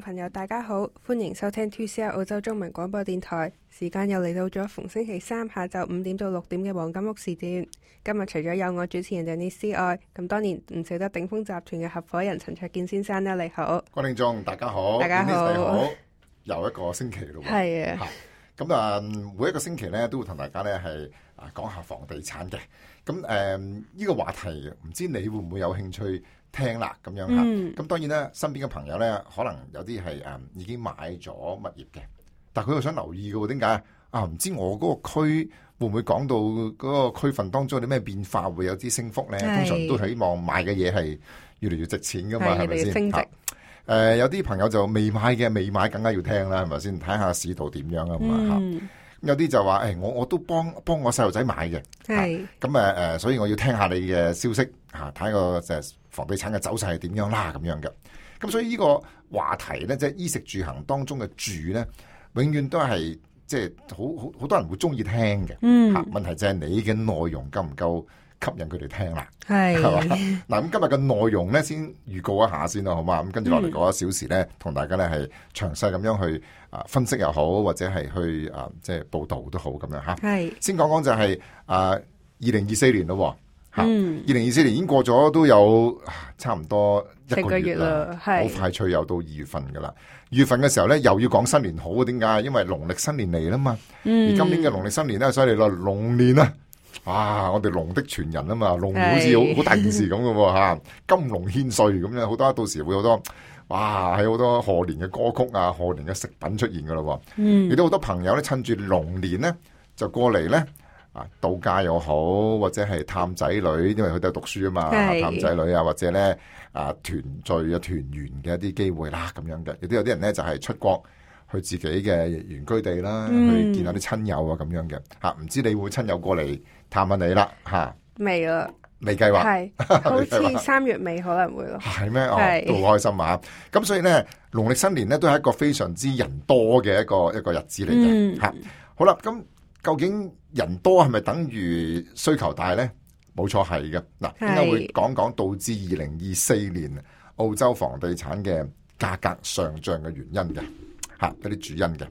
朋友大家好，歡迎收聽 2CR 澳洲中文廣播電台，時間又嚟到咗逢星期三下晝五點到六點嘅黃金屋時段。今日除咗有我主持人鄭麗詩外，咁當然唔少得鼎豐集團嘅合夥人陳焯楗先生呢。你好，郭觀眾大家好，大家好，又 一個星期咯，係啊，咁啊，每一個星期呢都會同大家呢係啊講下房地產嘅，咁誒呢個話題唔知你會唔會有興趣？聽啦咁樣吓，咁、嗯、當然啦，身邊嘅朋友咧，可能有啲係誒已經買咗物業嘅，但係佢又想留意嘅喎，點解啊？唔知我嗰個區會唔會講到嗰個區份當中有啲咩變化，會有啲升幅咧？通常都希望買嘅嘢係越嚟越值錢㗎嘛，係咪先？升值、誒、啊，有啲朋友就未買嘅，未買更加要聽啦，係咪先？睇下市道點樣、嗯、啊嘛嚇。咁有啲就話誒、欸，我我都幫幫我細路仔買嘅，係咁誒誒，所以我要聽下你嘅消息嚇，睇、啊、個、啊房地產嘅走勢係點樣啦？咁、啊、樣嘅，咁所以呢個話題咧，即、就、係、是、衣食住行當中嘅住咧，永遠都係即係好好好多人會中意聽嘅。嗯，吓，問題就係你嘅內容夠唔夠吸引佢哋聽啦？係，係嘛？嗱，咁、嗯、今日嘅內容咧，先預告一下先啦，好嘛？咁跟住落嚟嗰一小時咧，同、嗯、大家咧係詳細咁樣去啊分析又好，或者係去啊即係、就是、報道都好咁樣吓。係，先講講就係、是、啊二零二四年咯。啊、嗯，二零二四年已經過咗，都有差唔多一個月啦，好快脆又到二月份噶啦。二月份嘅時候咧，又要講新年好啊？點解？因為農曆新年嚟啦嘛、嗯。而今年嘅農曆新年咧，所以嚟啦龍年啦、啊啊啊啊。哇，我哋龍的傳人啊嘛，龍好似好好大件事咁噶喎吓，金龍獻歲咁樣，好多到時會好多哇，係好多賀年嘅歌曲啊，賀年嘅食品出現噶啦喎。嗯。亦都好多朋友咧，趁住龍年咧，就過嚟咧。啊，度假又好，或者係探仔女，因為佢哋讀書啊嘛，探仔女啊，或者咧，啊團聚啊團圓嘅一啲機會啦，咁樣嘅。有啲有啲人咧就係、是、出國去自己嘅原居地啦，嗯、去見下啲親友啊，咁樣嘅。吓，唔知你會親友過嚟探下你啦，吓。未啦，未計劃。係，好似三月尾可能會咯。係咩？哦，都好開心啊！咁所以咧，農曆新年咧都係一個非常之人多嘅一個一個日子嚟嘅。吓、嗯啊，好啦，咁。究竟人多係咪等於需求大呢？冇錯係嘅。嗱，點解會講講導致二零二四年澳洲房地產嘅價格上漲嘅原因嘅？吓嗰啲主因嘅。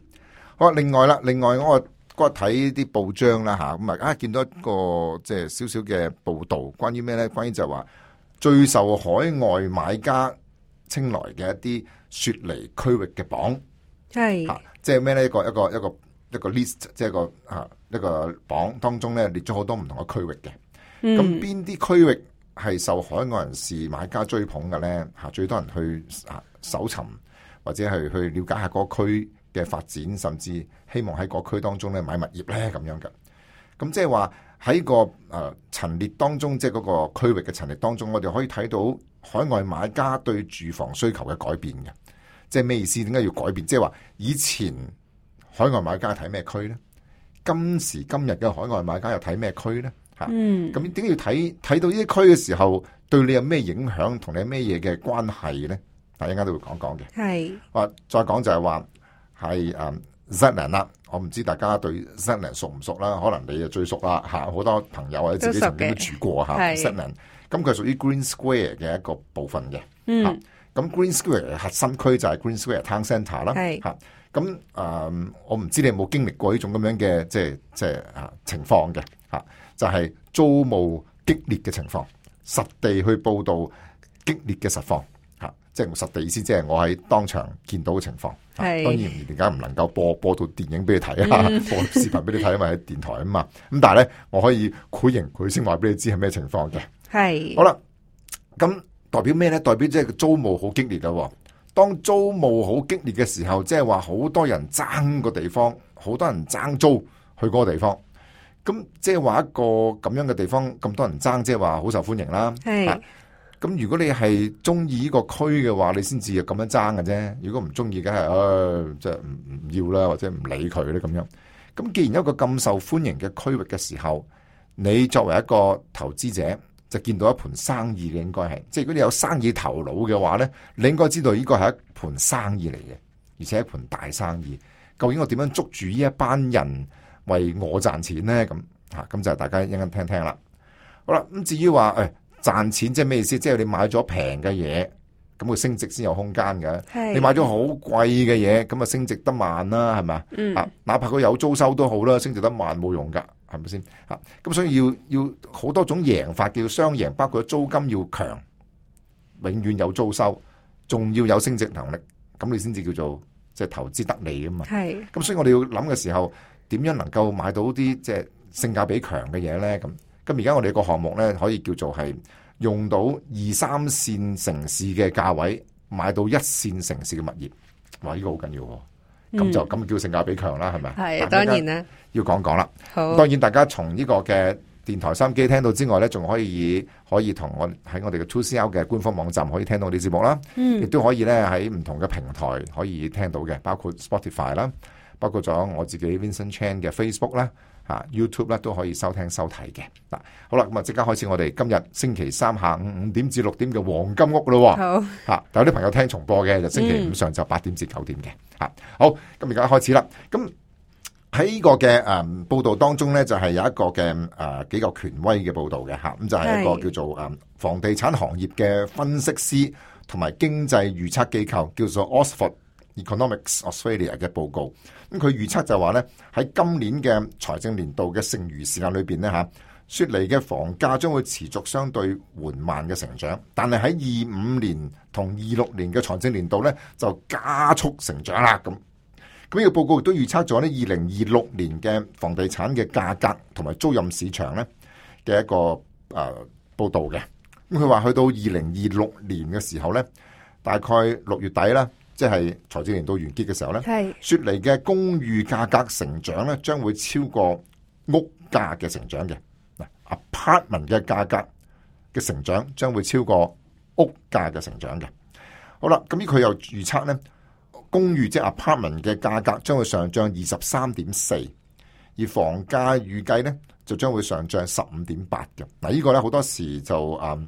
好，另外啦，另外我個睇啲報章啦，吓、啊、咁啊，見到一個即係少少嘅報道，關於咩呢？關於就話最受海外買家青睞嘅一啲雪梨區域嘅榜係，即係咩呢？一個一個一個。一個 list 即係個吓一個榜當中咧，列咗好多唔同嘅區域嘅，咁邊啲區域係受海外人士買家追捧嘅咧？吓，最多人去啊搜尋或者係去了解下嗰個區嘅發展，甚至希望喺嗰區當中咧買物業咧咁樣嘅。咁即係話喺個誒陳列當中，即係嗰個區域嘅陳列當中，我哋可以睇到海外買家對住房需求嘅改變嘅。即係咩意思？點解要改變？即係話以前。海外買家睇咩區咧？今時今日嘅海外買家又睇咩區咧？嚇、嗯，咁點解要睇睇到呢啲區嘅時候，對你有咩影響，同你有咩嘢嘅關係咧？嗱，一間都會講講嘅。係，話再講就係話係啊，Zetland 啦，我唔知大家對 Zetland 熟唔熟啦，可能你就最熟啦嚇，好多朋友或者自己曾經都住過嚇。Zetland 咁佢係屬於 Green Square 嘅一個部分嘅。嗯。咁 Green Square 嘅核心區就係 Green Square Town Centre 啦。係。嚇。咁誒、嗯，我唔知你有冇經歷過呢種咁樣嘅，即係即係啊情況嘅吓，就係租務激烈嘅情況，實地去報道激烈嘅實況吓，即、啊、係、就是、實地的意思，即、就、係、是、我喺當場見到嘅情況。係、啊、當然而家唔能夠播播到電影俾你睇啊，播視頻俾你睇、啊，因為喺電台啊嘛。咁、嗯、但係咧，我可以繪形繪聲話俾你知係咩情況嘅。係，好啦，咁代表咩咧？代表即係租務好激烈咯、啊。當租務好激烈嘅時候，即係話好多人爭個地方，好多人爭租去嗰個地方。咁即係話一個咁樣嘅地方咁多人爭，即係話好受歡迎啦。係咁，如果你係中意呢個區嘅話，你先至咁樣爭嘅啫。如果唔中意，梗係誒，即係唔唔要啦，或者唔理佢咧咁樣。咁既然有一個咁受歡迎嘅區域嘅時候，你作為一個投資者。就見到一盤生意嘅，應該係即係如果你有生意頭腦嘅話呢，你應該知道呢個係一盤生意嚟嘅，而且係一盤大生意。究竟我點樣捉住呢一班人為我賺錢呢？咁嚇咁就大家聽一陣聽聽啦。好啦，咁至於話誒、哎、賺錢即係咩意思？即、就、係、是、你買咗平嘅嘢，咁佢升值先有空間嘅。你買咗好貴嘅嘢，咁啊升值得慢啦，係咪、嗯、啊？哪怕佢有租收都好啦，升值得慢冇用噶。係咪先？咁所以要要好多種贏法叫雙贏，包括租金要強，永遠有租收，仲要有升值能力，咁你先至叫做即係、就是、投資得利啊嘛。係。咁所以我哋要諗嘅時候，點樣能夠買到啲即係性價比強嘅嘢咧？咁咁而家我哋個項目咧，可以叫做係用到二三線城市嘅價位，買到一線城市嘅物業。哇！呢、這個好緊要喎、啊。咁、嗯、就咁叫性價比強啦，係咪？係，當然啦，要講講啦。好，當然大家從呢個嘅電台收音機聽到之外呢，仲可以可以同我喺我哋嘅 2CR 嘅官方網站可以聽到啲節目啦。亦、嗯、都可以呢喺唔同嘅平台可以聽到嘅，包括 Spotify 啦，包括咗我自己 Vincent Chan 嘅 Facebook 啦。YouTube 咧都可以收聽收睇嘅嗱，好啦，咁啊即刻開始我哋今日星期三下午五點至六點嘅黃金屋咯，好吓，有啲朋友聽重播嘅就星期五上晝八點至九點嘅吓，好，咁而家開始啦，咁喺呢個嘅誒報道當中呢，就係、是、有一個嘅誒、呃、幾個權威嘅報道嘅吓，咁就係、是、一個叫做誒房地產行業嘅分析師同埋經濟預測機構叫做 Oxford。Economics Australia 嘅報告，咁佢預測就話咧，喺今年嘅財政年度嘅剩餘時間裏邊咧嚇，雪梨嘅房價將會持續相對緩慢嘅成長，但係喺二五年同二六年嘅財政年度呢，就加速成長啦。咁，咁呢個報告亦都預測咗呢二零二六年嘅房地產嘅價格同埋租賃市場呢嘅一個誒、呃、報道嘅。咁佢話去到二零二六年嘅時候呢，大概六月底啦。即係財政年度完結嘅時候咧，雪梨嘅公寓價格成長咧，將會超過屋價嘅成長嘅。嗱，apartment 嘅價格嘅成長將會超過屋價嘅成長嘅。好啦，咁呢，佢又預測咧，公寓即係 apartment 嘅價格將會上漲二十三點四，而房價預計咧就將會上漲十五點八嘅。嗱，呢個咧好多時就誒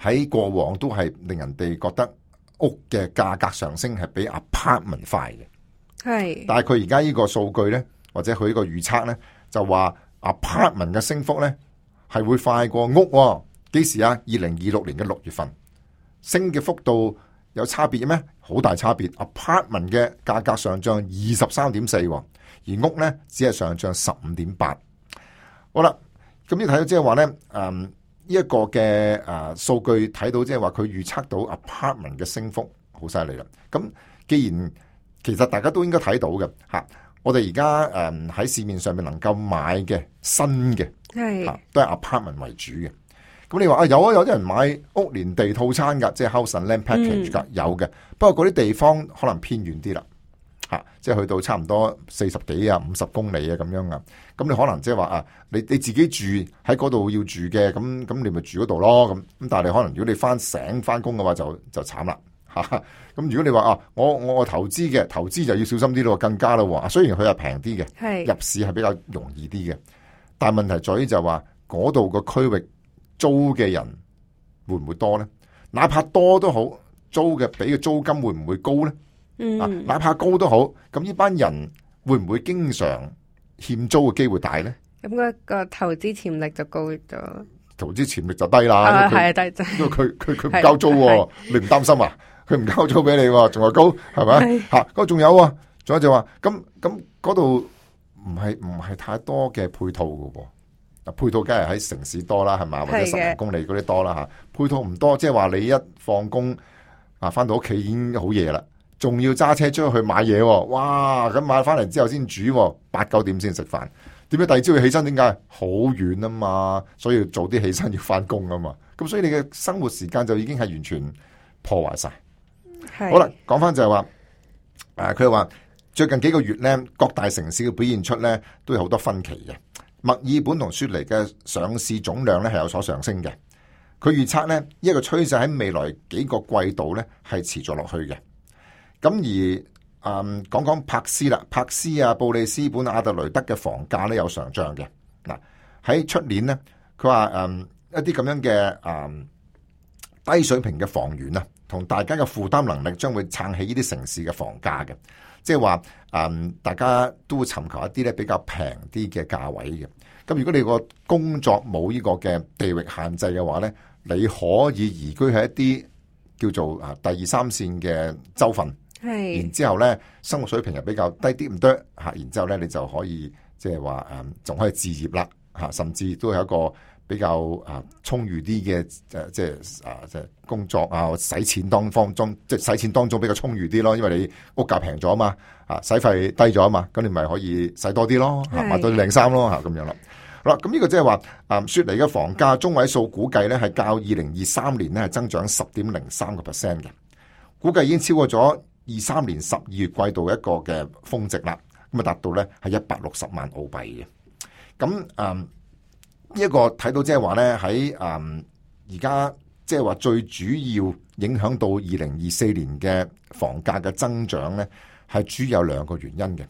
喺過往都係令人哋覺得。屋嘅價格上升係比 apartment 快嘅，係，但係佢而家呢個數據咧，或者佢呢個預測咧，就話 apartment 嘅升幅咧係會快過屋、哦，幾時候啊？二零二六年嘅六月份，升嘅幅度有差別咩？好大差別，apartment 嘅價格上漲二十三點四，而屋咧只係上漲十五點八。好啦，咁你睇到即係話咧，嗯。呢一個嘅誒、啊、數據睇到，即係話佢預測到 apartment 嘅升幅好犀利啦。咁既然其實大家都應該睇到嘅嚇、啊，我哋而家誒喺市面上面能夠買嘅新嘅係、啊、都係 apartment 為主嘅。咁你話啊有啊有啲、啊、人買屋連地套餐㗎，即、就、係、是、house and land package 㗎、嗯，有嘅。不過嗰啲地方可能偏遠啲啦。吓、啊，即係去到差唔多四十幾啊、五十公里啊咁樣噶、啊，咁你可能即係話啊，你你自己住喺嗰度要住嘅，咁咁你咪住嗰度咯，咁咁但係你可能如果你翻醒翻工嘅話就就慘啦，吓、啊，咁如果你話啊，我我投資嘅投資就要小心啲咯，更加啦、啊，雖然佢係平啲嘅，係入市係比較容易啲嘅，但係問題在於就話嗰度個區域租嘅人會唔會多咧？哪怕多都好，租嘅俾嘅租金會唔會高咧？嗯，哪怕高都好，咁呢班人會唔會經常欠租嘅機會大咧？咁、嗰個投資潛力就高咗，投資潛力就低啦。係、啊、低，因為佢佢佢唔交租、啊，你唔擔心啊？佢唔交租俾你、啊，仲話高，係咪嗰吓，仲有啊？仲有就話咁咁嗰度唔係唔係太多嘅配套㗎嗱、啊、配套梗係喺城市多啦，係嘛，或者十五公里嗰啲多啦吓，配套唔多，即係話你一放工啊翻到屋企已經好夜啦。仲要揸車出去買嘢，哇！咁買翻嚟之後先煮，八九點先食飯。點解第二朝要起身？點解？好遠啊嘛，所以早要早啲起身要翻工啊嘛。咁所以你嘅生活時間就已經係完全破壞晒。好啦，講翻就係話，誒、啊，佢話最近幾個月呢，各大城市嘅表現出呢，都有好多分歧嘅。墨爾本同雪梨嘅上市總量呢係有所上升嘅。佢預測呢，呢一個趨勢喺未來幾個季度呢係持續落去嘅。咁而啊，講、嗯、講柏斯啦，柏斯啊，布里斯本、阿德雷德嘅房價咧有上漲嘅。嗱，喺出年呢，佢話、嗯、一啲咁樣嘅啊、嗯、低水平嘅房源啊，同大家嘅負擔能力將會撐起呢啲城市嘅房價嘅。即係話嗯，大家都會尋求一啲咧比較平啲嘅價位嘅。咁如果你個工作冇呢個嘅地域限制嘅話咧，你可以移居喺一啲叫做啊第二三線嘅州份。然之後呢，生活水平又比較低啲咁多嚇。然之後呢，你就可以即係話誒，仲、就是嗯、可以置業啦嚇、啊，甚至都有一個比較啊充裕啲嘅誒即係啊即係工作啊，使錢當方中即係使錢當中比較充裕啲咯。因為你屋價平咗啊嘛嚇，使費低咗啊嘛，咁你咪可以使多啲咯，買多啲靚衫咯嚇，咁樣咯。好、啊、啦，咁、嗯嗯這個嗯、呢個即係話誒，雪梨嘅房價中位數估計呢係較二零二三年呢，係增長十點零三個 percent 嘅，估計已經超過咗。二三年十二月季度一個嘅峰值啦，咁啊達到呢係一百六十萬澳幣嘅。咁嗯呢一個睇到即係話呢，喺嗯而家即係話最主要影響到二零二四年嘅房價嘅增長呢，係主要有兩個原因嘅。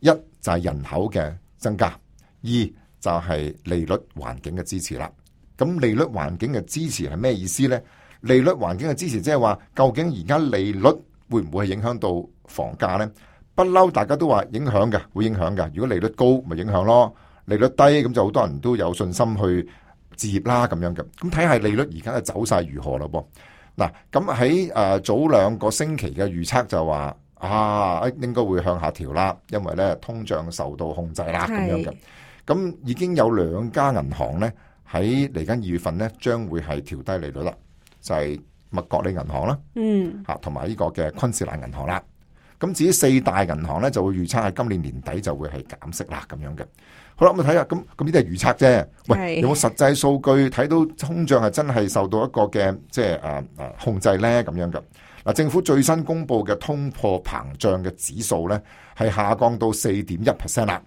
一就係人口嘅增加，二就係利率環境嘅支持啦。咁利率環境嘅支持係咩意思呢？利率環境嘅支持即係話究竟而家利率？會唔會係影響到房價呢？不嬲，大家都話影響嘅，會影響嘅。如果利率高，咪影響咯；利率低，咁就好多人都有信心去置業啦，咁樣嘅。咁睇下利率而家嘅走勢如何咯噃。嗱，咁喺誒早兩個星期嘅預測就話啊，應該會向下調啦，因為呢通脹受到控制啦，咁樣嘅。咁已經有兩家銀行呢，喺嚟緊二月份呢，將會係調低利率啦，就係、是。麥國利銀行啦，嗯，吓同埋呢個嘅昆士蘭銀行啦，咁至於四大銀行咧，就會預測係今年年底就會係減息啦，咁樣嘅。好啦，咁啊睇下，咁咁呢啲係預測啫。喂，有冇實際數據睇到通脹係真係受到一個嘅即係啊啊控制咧？咁樣嘅。嗱，政府最新公布嘅通貨膨脹嘅指數咧，係下降到四點一 percent 啦。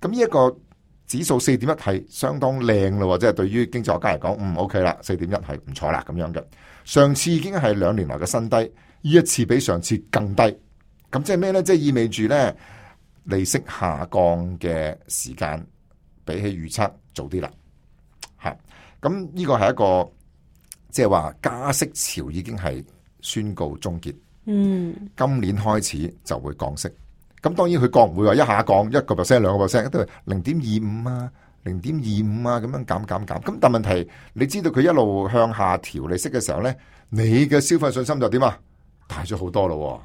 咁呢一個指數四點一係相當靚咯，即係對於經濟學家嚟講，嗯，OK 啦，四點一係唔錯啦，咁樣嘅。上次已經係兩年來嘅新低，呢一次比上次更低，咁即係咩咧？即係意味住咧，利息下降嘅時間比起預測早啲啦，嚇！咁呢個係一個即係話加息潮已經係宣告終結，嗯，今年開始就會降息。咁當然佢降唔會話一下降一個 percent 兩個 percent，都係零點二五啊。零點二五啊，咁樣減減減，咁但係問題，你知道佢一路向下調利息嘅時候咧，你嘅消費信心就點啊？大咗好多咯，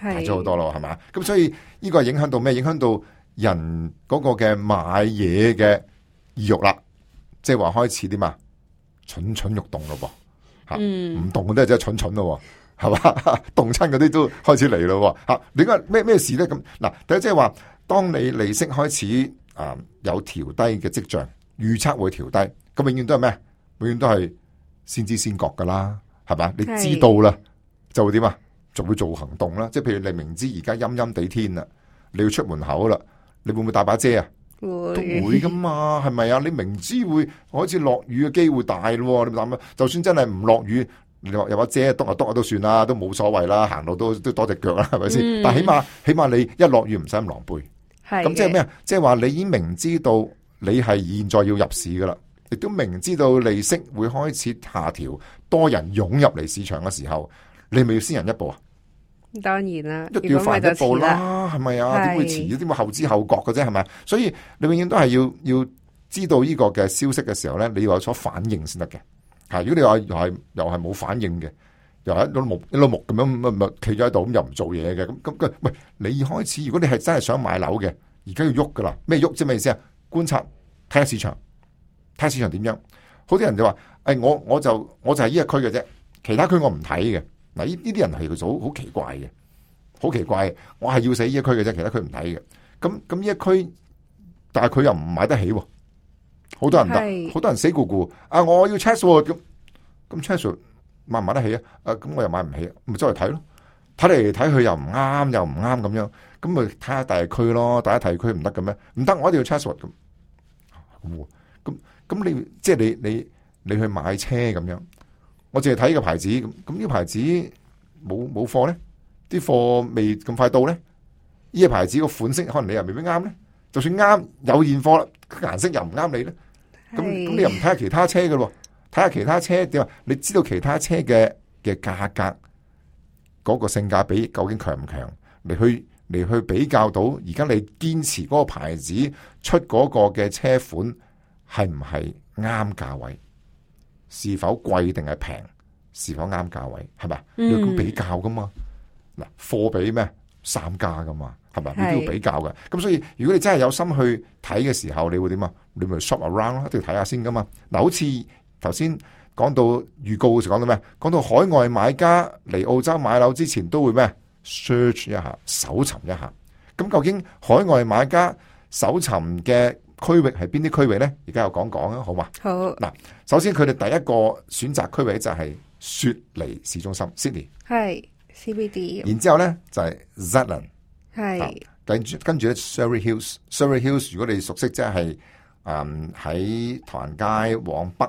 大咗好多咯，係嘛？咁所以呢個係影響到咩？影響到人嗰個嘅買嘢嘅意欲啦，即係話開始點啊？蠢蠢欲動咯，吓，唔動嘅都真係蠢蠢咯，係嘛？動親嗰啲都開始嚟咯，吓，你講咩咩事咧？咁嗱，第一即係話，當你利息開始。啊、嗯，有調低嘅跡象，預測會調低，咁永遠都係咩？永遠都係先知先覺噶啦，係嘛？是你知道啦，就會點啊？就會做行動啦。即係譬如你明知而家陰陰地天啦，你要出門口啦，你會唔會帶把遮啊？會都會噶嘛？係咪啊？你明知會好似落雨嘅機會大咯？你諗啊，就算真係唔落雨，你入有把遮篤下篤下都算啦，都冇所謂啦。行路都都多隻腳啦，係咪先？嗯、但起碼起碼你一落雨唔使咁狼狽。咁即係咩啊？即係話你已經明知道你係現在要入市噶啦，亦都明知道利息會開始下調，多人湧入嚟市場嘅時候，你咪要先人一步啊？當然啦，都要快一步啦，係咪啊？點會遲啲？點會後知後覺嘅啫？係咪？所以你永遠都係要要知道呢個嘅消息嘅時候咧，你要有所反應先得嘅。吓，如果你話又係又係冇反應嘅。又一碌木，一碌木咁樣咪企咗喺度，咁又唔做嘢嘅。咁咁佢，喂，你開始，如果你係真係想買樓嘅，而家要喐噶啦，咩喐，即係咩意思啊？觀察，睇下市場，睇下市場點樣。好多人就話，誒、哎，我我就我就係呢一區嘅啫，其他區我唔睇嘅。嗱，呢呢啲人係好，好奇怪嘅，好奇怪。我係要死呢一區嘅啫，其他區唔睇嘅。咁咁呢一區，但係佢又唔買得起，好多人得，好多人死咕咕。啊，我要 check 咁，咁 check 買唔買得起啊？啊咁我又買唔起，啊，咪周圍睇咯。睇嚟睇去又唔啱，又唔啱咁樣，咁咪睇下大區咯。大一大區唔得嘅咩？唔得，我一定要 Chatswood 咁。咁，咁，咁你即係你你你去買車咁樣，我淨係睇呢個牌子咁。咁呢個牌子冇冇貨咧？啲貨未咁快到咧？呢、呢個牌子個款式可能你又未必啱咧。就算啱，有現貨啦，顏色又唔啱你咧。咁咁你又唔睇下其他車嘅喎？睇下其他車點啊？你知道其他車嘅嘅價格嗰個性價比究竟強唔強？你去嚟去比較到而家你堅持嗰個牌子出嗰個嘅車款係唔係啱價位？是否貴定係平？是否啱價位？係咪？你要咁比較噶嘛？嗱、嗯，貨比咩三家噶嘛？係咪？你都要比較嘅。咁所以如果你真係有心去睇嘅時候，你會點啊？你咪 shop around 咯，都要睇下先噶嘛。嗱，好似。頭先講到預告嘅時，講到咩？講到海外買家嚟澳洲買樓之前都會咩？Search 一下，搜尋一下。咁究竟海外買家搜尋嘅區域係邊啲區域呢？而家又講講啊，好嘛？好。嗱，首先佢哋第一個選擇區域就係雪梨市中心 （Sydney），係 CBD。然之後咧就係、是、Zetland，係。跟住跟住咧，Surry Hills，Surry Hills，如果你熟悉，即係喺唐人街往北。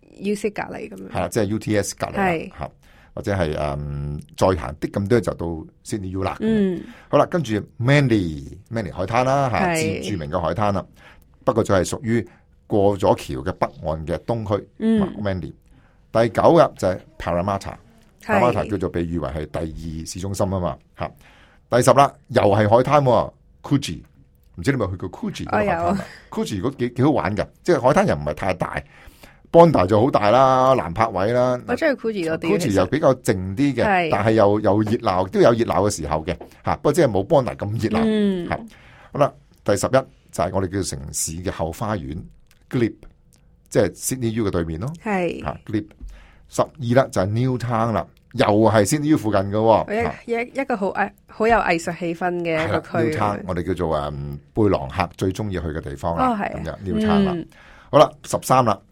U C 隔離咁樣，係、啊、即係 U T S 隔離，係吓，或者係嗯再行啲咁多就到 Sydney U 啦。嗯，嗯嗯、好啦，跟住 Manly Manly 海灘啦吓，著名嘅海灘啦，不過就係屬於過咗橋嘅北岸嘅東區。Manly 第九嘅就係 Paramatta，Paramatta 叫做被譽為係第二市中心啊嘛吓、啊。第十啦，又係海灘，Coogee，唔知你咪去過 Coogee 嘅海灘 Coogee 如果幾幾好玩嘅，即係海灘又唔係太大。Bondi 就好大啦，南泊位啦。我中意 Coogee 多啲。Coogee 又比較靜啲嘅，但係又有熱鬧，都有熱鬧嘅時候嘅吓。不過即係冇 Bondi 咁熱鬧。嗯。好啦，第十一就係我哋叫城市嘅後花園 Glebe，即係 Sydney U 嘅對面咯。係。吓 Glebe，十二啦就係 New Town 啦，又係 Sydney U 附近噶。一一個好好有藝術氣氛嘅一個區。New Town 我哋叫做誒貝朗客最中意去嘅地方啦。哦咁就 New Town 啦，好啦，十三啦。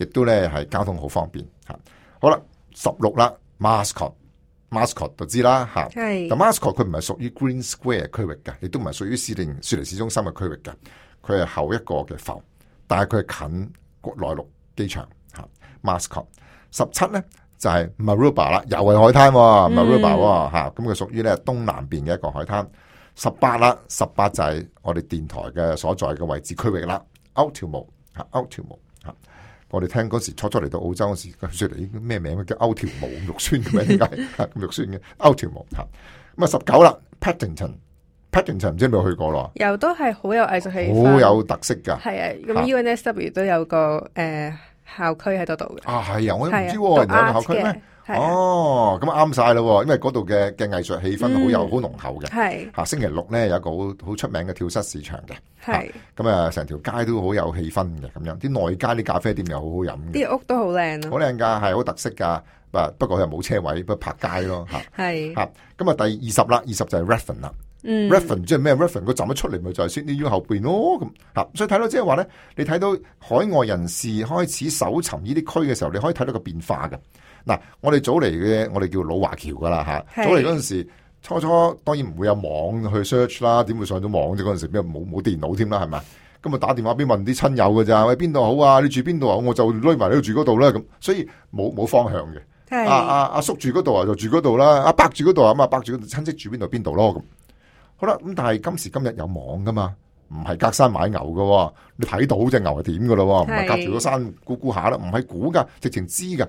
亦都咧係交通好方便嚇。好啦，十六啦，Mascot，Mascot 就知啦嚇。係。咁 Mascot 佢唔係屬於 Green Square 區域嘅，亦都唔係屬於司令雪梨市中心嘅區域嘅。佢係後一個嘅埠，但係佢係近國內陸機場嚇。Mascot 十七咧就係、是、Maroubra 啦，又係海灘、啊、Maroubra 喎，咁佢屬於咧東南邊嘅一個海灘。十八啦，十八就係我哋電台嘅所在嘅位置區域啦，Ultimo，嚇 Ultimo。Ultimo, Ultimo, 我哋聽嗰時初初嚟到澳洲嗰時，佢説你咩名叫歐條毛肉酸嘅咩？點解咁肉酸嘅？歐條毛嚇。咁啊，十九啦。Paddington，Paddington 唔知你有冇去過咯？又都係好有藝術氣，好有特色㗎。係啊，咁 U N S W 都有個誒校區喺度度嘅。啊，係啊，我唔知有個校區咩。哦，咁啊啱晒咯，因為嗰度嘅嘅藝術氣氛好有好濃、嗯、厚嘅。係吓星期六咧有一個好好出名嘅跳蚤市場嘅，係咁啊成條街都好有氣氛嘅，咁樣啲內街啲咖啡店又好好飲，啲屋都好靚咯，好靚噶，係好特色噶，不不過佢又冇車位，不過冇車位不過拍街咯吓。係吓咁啊第二十啦，二十就係 Redfern 啦、嗯、，Redfern 即係咩 Redfern？佢站咗出嚟咪就係穿啲 U 後邊咯咁吓，所以睇到即係話咧，你睇到海外人士開始搜尋呢啲區嘅時候，你可以睇到個變化嘅。嗱、啊，我哋早嚟嘅，我哋叫老華僑噶啦嚇。早嚟嗰陣時，初初當然唔會有網去 search 啦，點會上到網啫？嗰陣時咩冇冇電腦添啦？係咪？咁啊，打電話畀問啲親友嘅咋？喂，邊度好啊？你住邊度啊？我就匿埋你度住嗰度啦。咁所以冇冇方向嘅。阿阿阿叔住嗰度啊，就住嗰度啦。阿伯住嗰度啊嘛，伯住嗰度，親戚住邊度邊度咯咁。好啦，咁但係今時今日有網噶嘛？唔係隔山買牛噶、哦，你睇到隻牛係點噶咯？唔係隔住個山估估下啦，唔係估噶，直情知噶。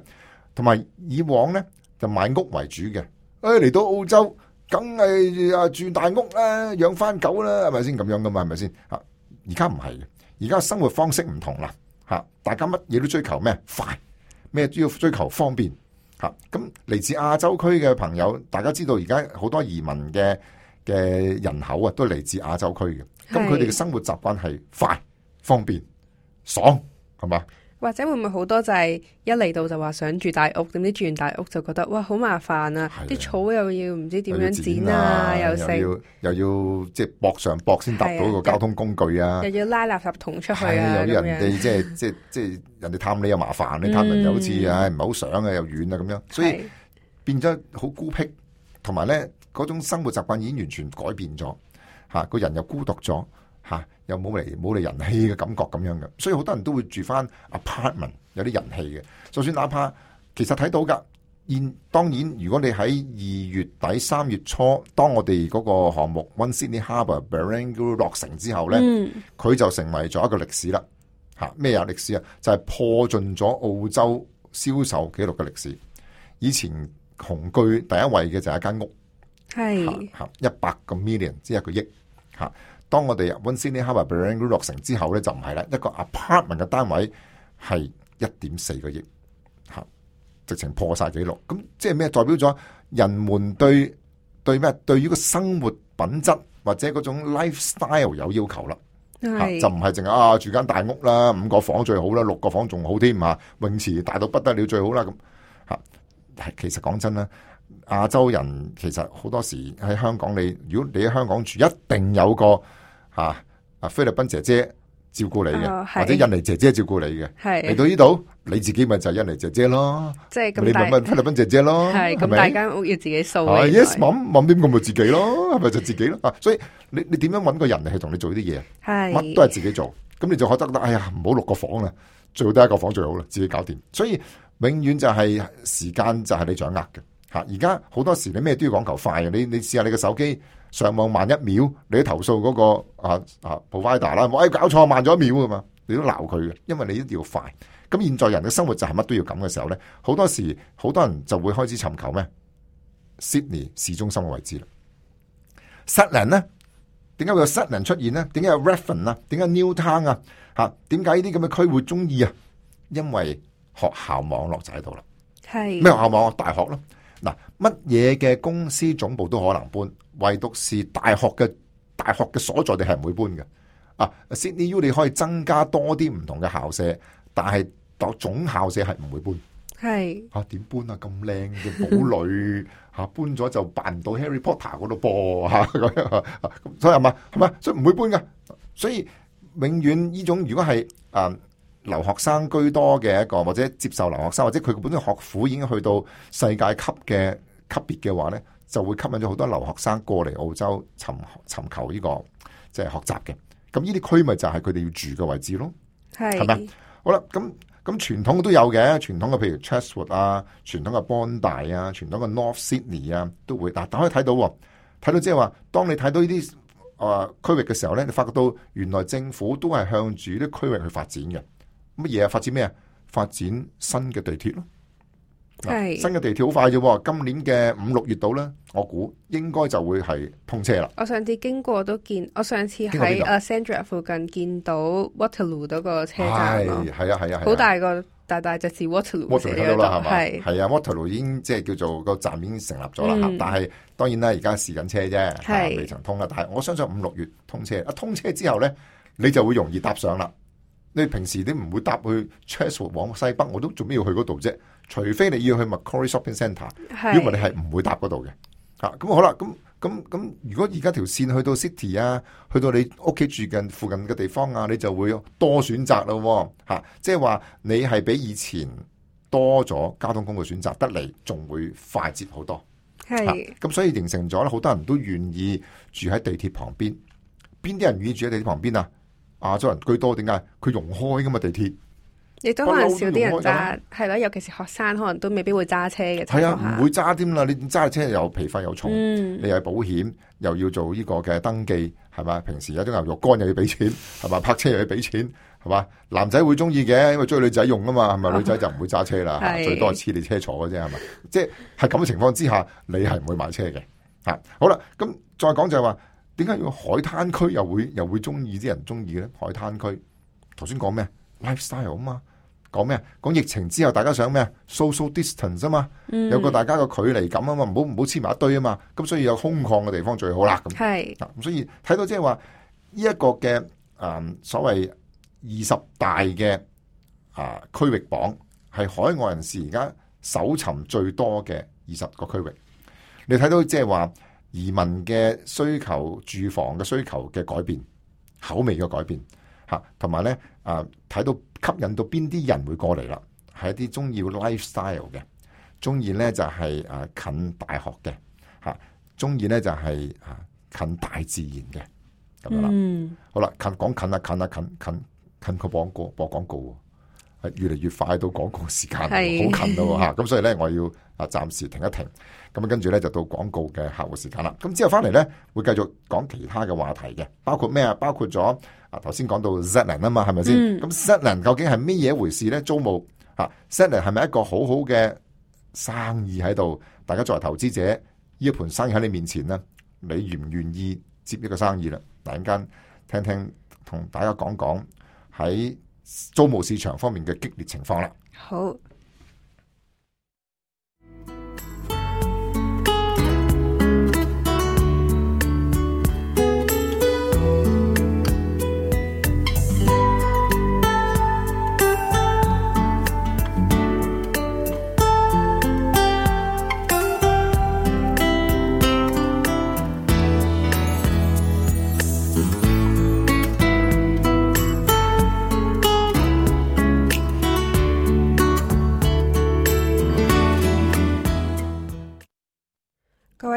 同埋以往咧就買屋為主嘅。誒、哎、嚟到澳洲梗係啊住大屋啦，養翻狗啦，係咪先？咁樣嘅嘛？係咪先？吓而家唔係嘅，而家生活方式唔同啦。吓大家乜嘢都追求咩快，咩都要追求方便。吓咁嚟自亞洲區嘅朋友，大家知道而家好多移民嘅嘅人口啊，都嚟自亞洲區嘅。咁佢哋嘅生活習慣係快、方便、爽，係嘛？或者會唔會好多就係一嚟到就話想住大屋，點知住完大屋就覺得哇好麻煩啊！啲草又要唔知點樣剪啊，又要啊又，又要即係、即係、駁上駁先搭到一個交通工具啊，又要拉垃圾桶出去啊！有啲人哋即係即係即係人哋探你又麻煩，你探人好、嗯哎、又好似唉唔係好想啊，又遠啊咁樣，所以變咗好孤僻，同埋咧嗰種生活習慣已經完全改變咗嚇，個人又孤獨咗。吓，又冇嚟冇嚟人氣嘅感覺咁樣嘅，所以好多人都會住翻 apartment，有啲人氣嘅。就算哪怕其實睇到噶，然當然如果你喺二月底三月初，當我哋嗰個項目 One Sydney Harbour Barangaroo 落成之後咧，佢就成為咗一個歷史啦。嚇咩嘢歷史啊？就係破盡咗澳洲銷售紀錄嘅歷史。以前雄居第一位嘅就係一間屋，係嚇一百個 million，即係一個億嚇。當我哋 One Sydney Harbour Barangaroo 落成之後咧，就唔係啦，一個 apartment 嘅單位係一點四個億，嚇、啊，直情破晒紀錄。咁即係咩？代表咗人們對對咩？對於個生活品質或者嗰種 lifestyle 有要求啦，嚇、啊，就唔係淨係啊住間大屋啦，五個房最好啦，六個房仲好添嘛，泳池大到不得了最好啦，咁、啊、嚇、啊。其實講真啦，亞洲人其實好多時喺香港，你如果你喺香港住，一定有個。吓、啊，啊菲律賓姐姐照顧你嘅，oh,，或者印尼姐姐照顧你嘅，嚟到呢度你自己咪就係印尼姐姐咯，即係咁你咪咪菲律賓姐姐咯，係咁大間屋要自己掃。Yes，諗諗啲咁咪自己咯，係咪就自己咯？啊，所以你你點樣揾個人嚟係同你做呢啲嘢？係，乜都係自己做，咁你就覺得，哎呀，唔好六個房啦，最好得一個房最好啦，自己搞掂。所以永遠就係時間就係你掌握嘅。吓、啊，而家好多時你咩都要講求快嘅，你你試下你個手機。上網慢一秒，你都投訴嗰個啊啊 provider 啦，喂、啊、搞錯慢咗一秒啊嘛，你都鬧佢嘅，因為你一定要快。咁現在人嘅生活就係乜都要咁嘅時候咧，好多時好多人就會開始尋求咩 Sydney 市中心嘅位置啦。Zetland 咧，點解會有 Zetland 出現咧？點解有 Redfern 啊？點解 Newtown 啊？嚇，點解呢啲咁嘅區會中意啊？因為學校網絡就喺度啦，咩學校網啊？大學啦。乜嘢嘅公司總部都可能搬，唯獨是大學嘅大學嘅所在地係唔會搬嘅。啊 Sydney U 你可以增加多啲唔同嘅校舍，但係個總校舍係唔會搬。係啊？點搬啊？咁靚嘅堡壘，吓 搬咗就扮到 Harry Potter 嗰度噃。啊咁樣。所以係嘛？係嘛？所以唔會搬嘅。所以永遠呢種如果係誒、啊、留學生居多嘅一個，或者接受留學生，或者佢本身學府已經去到世界級嘅。級別嘅話咧，就會吸引咗好多留學生過嚟澳洲尋尋求呢個即係學習嘅。咁呢啲區咪就係佢哋要住嘅位置咯，係咪？好啦，咁咁傳統都有嘅，傳統嘅譬如 Chatswood 啊，傳統嘅 Bondi 啊，傳統嘅 North Sydney 啊，都會嗱可以睇到睇、哦、到，即係話當你睇到呢啲啊區域嘅時候咧，你發覺到原來政府都係向住啲區域去發展嘅。乜嘢啊？發展咩啊？發展新嘅地鐵咯。係新嘅地鐵好快啫，今年嘅五六月度咧，我估應該就會係通車啦。我上次經過都見，我上次喺 Central 附近見到 Waterloo 嗰個車站有冇？係係啊係啊，好、啊啊、大個，大大隻 Waterloo 嗰度、啊，係係啊，啊，啊，啊，Waterloo 已經即係叫做個站已經成立咗啦、嗯。但係當然啦，而家試緊車啫，未曾通啦。但係我相信五六月通車，一通車之後咧，你就會容易搭上啦。你平時你唔會搭去 Chatswood 往西北，我都做咩要去嗰度啫？除非你要去 Macquarie Shopping Centre，如果你哋係唔會搭嗰度嘅，啊咁好啦，咁咁咁，如果而家條線去到 City 啊，去到你屋企住近附近嘅地方啊，你就會多選擇咯、啊，吓、啊，即係話你係比以前多咗交通工具選擇，得嚟仲會快捷好多，係，咁、啊、所以形成咗咧，好多人都願意住喺地鐵旁邊。邊啲人願意住喺地鐵旁邊啊？亞洲人居多，點解？佢融開噶嘛地鐵。亦都可能少啲人揸，係啦，尤其是學生可能都未必會揸車嘅。係啊，唔會揸添啦！你揸車又皮費又重，嗯、你又係保險，又要做呢個嘅登記，係嘛？平時有啲牛肉乾又要俾錢，係嘛？泊車又要俾錢，係嘛？男仔會中意嘅，因為追女仔用啊嘛，係咪、哦？女仔就唔會揸車啦，最多係黐你車坐嘅啫，係咪？即係咁嘅情況之下，你係唔會買車嘅。吓，好啦，咁再講就係、是、話，點解要海灘區又會又會中意啲人中意咧？海灘區頭先講咩？lifestyle 啊嘛。講咩？講疫情之後，大家想咩？social distance 啊嘛、嗯，有個大家個距離感啊嘛，唔好唔好黐埋一堆啊嘛，咁所以有空曠嘅地方最好啦。係，咁所以睇到即係話呢一個嘅誒、嗯、所謂二十大嘅啊區域榜係海外人士而家搜尋最多嘅二十個區域。你睇到即係話移民嘅需求、住房嘅需求嘅改變、口味嘅改變吓，同埋咧啊睇到。吸引到邊啲人會過嚟啦？係一啲中意 lifestyle 嘅，中意咧就係誒近大學嘅吓，中意咧就係啊近大自然嘅咁樣啦、嗯。好啦，近講近啊，近啊，近近近佢廣告播廣告。越嚟越快到廣告時間，好近咯嚇！咁、啊、所以咧，我要啊暫時停一停。咁跟住咧就到廣告嘅客戶時間啦。咁之後翻嚟咧，會繼續講其他嘅話題嘅，包括咩啊？包括咗啊頭先講到 Zetland 啊嘛，係咪先？咁、嗯、Zetland 究竟係咩嘢一回事咧？租務啊，Zetland 係咪一個好好嘅生意喺度？大家作為投資者，呢一盤生意喺你面前咧，你願唔願意接呢個生意咧？等陣間聽聽，同大家講講喺。租務市場方面嘅激烈情況啦。好。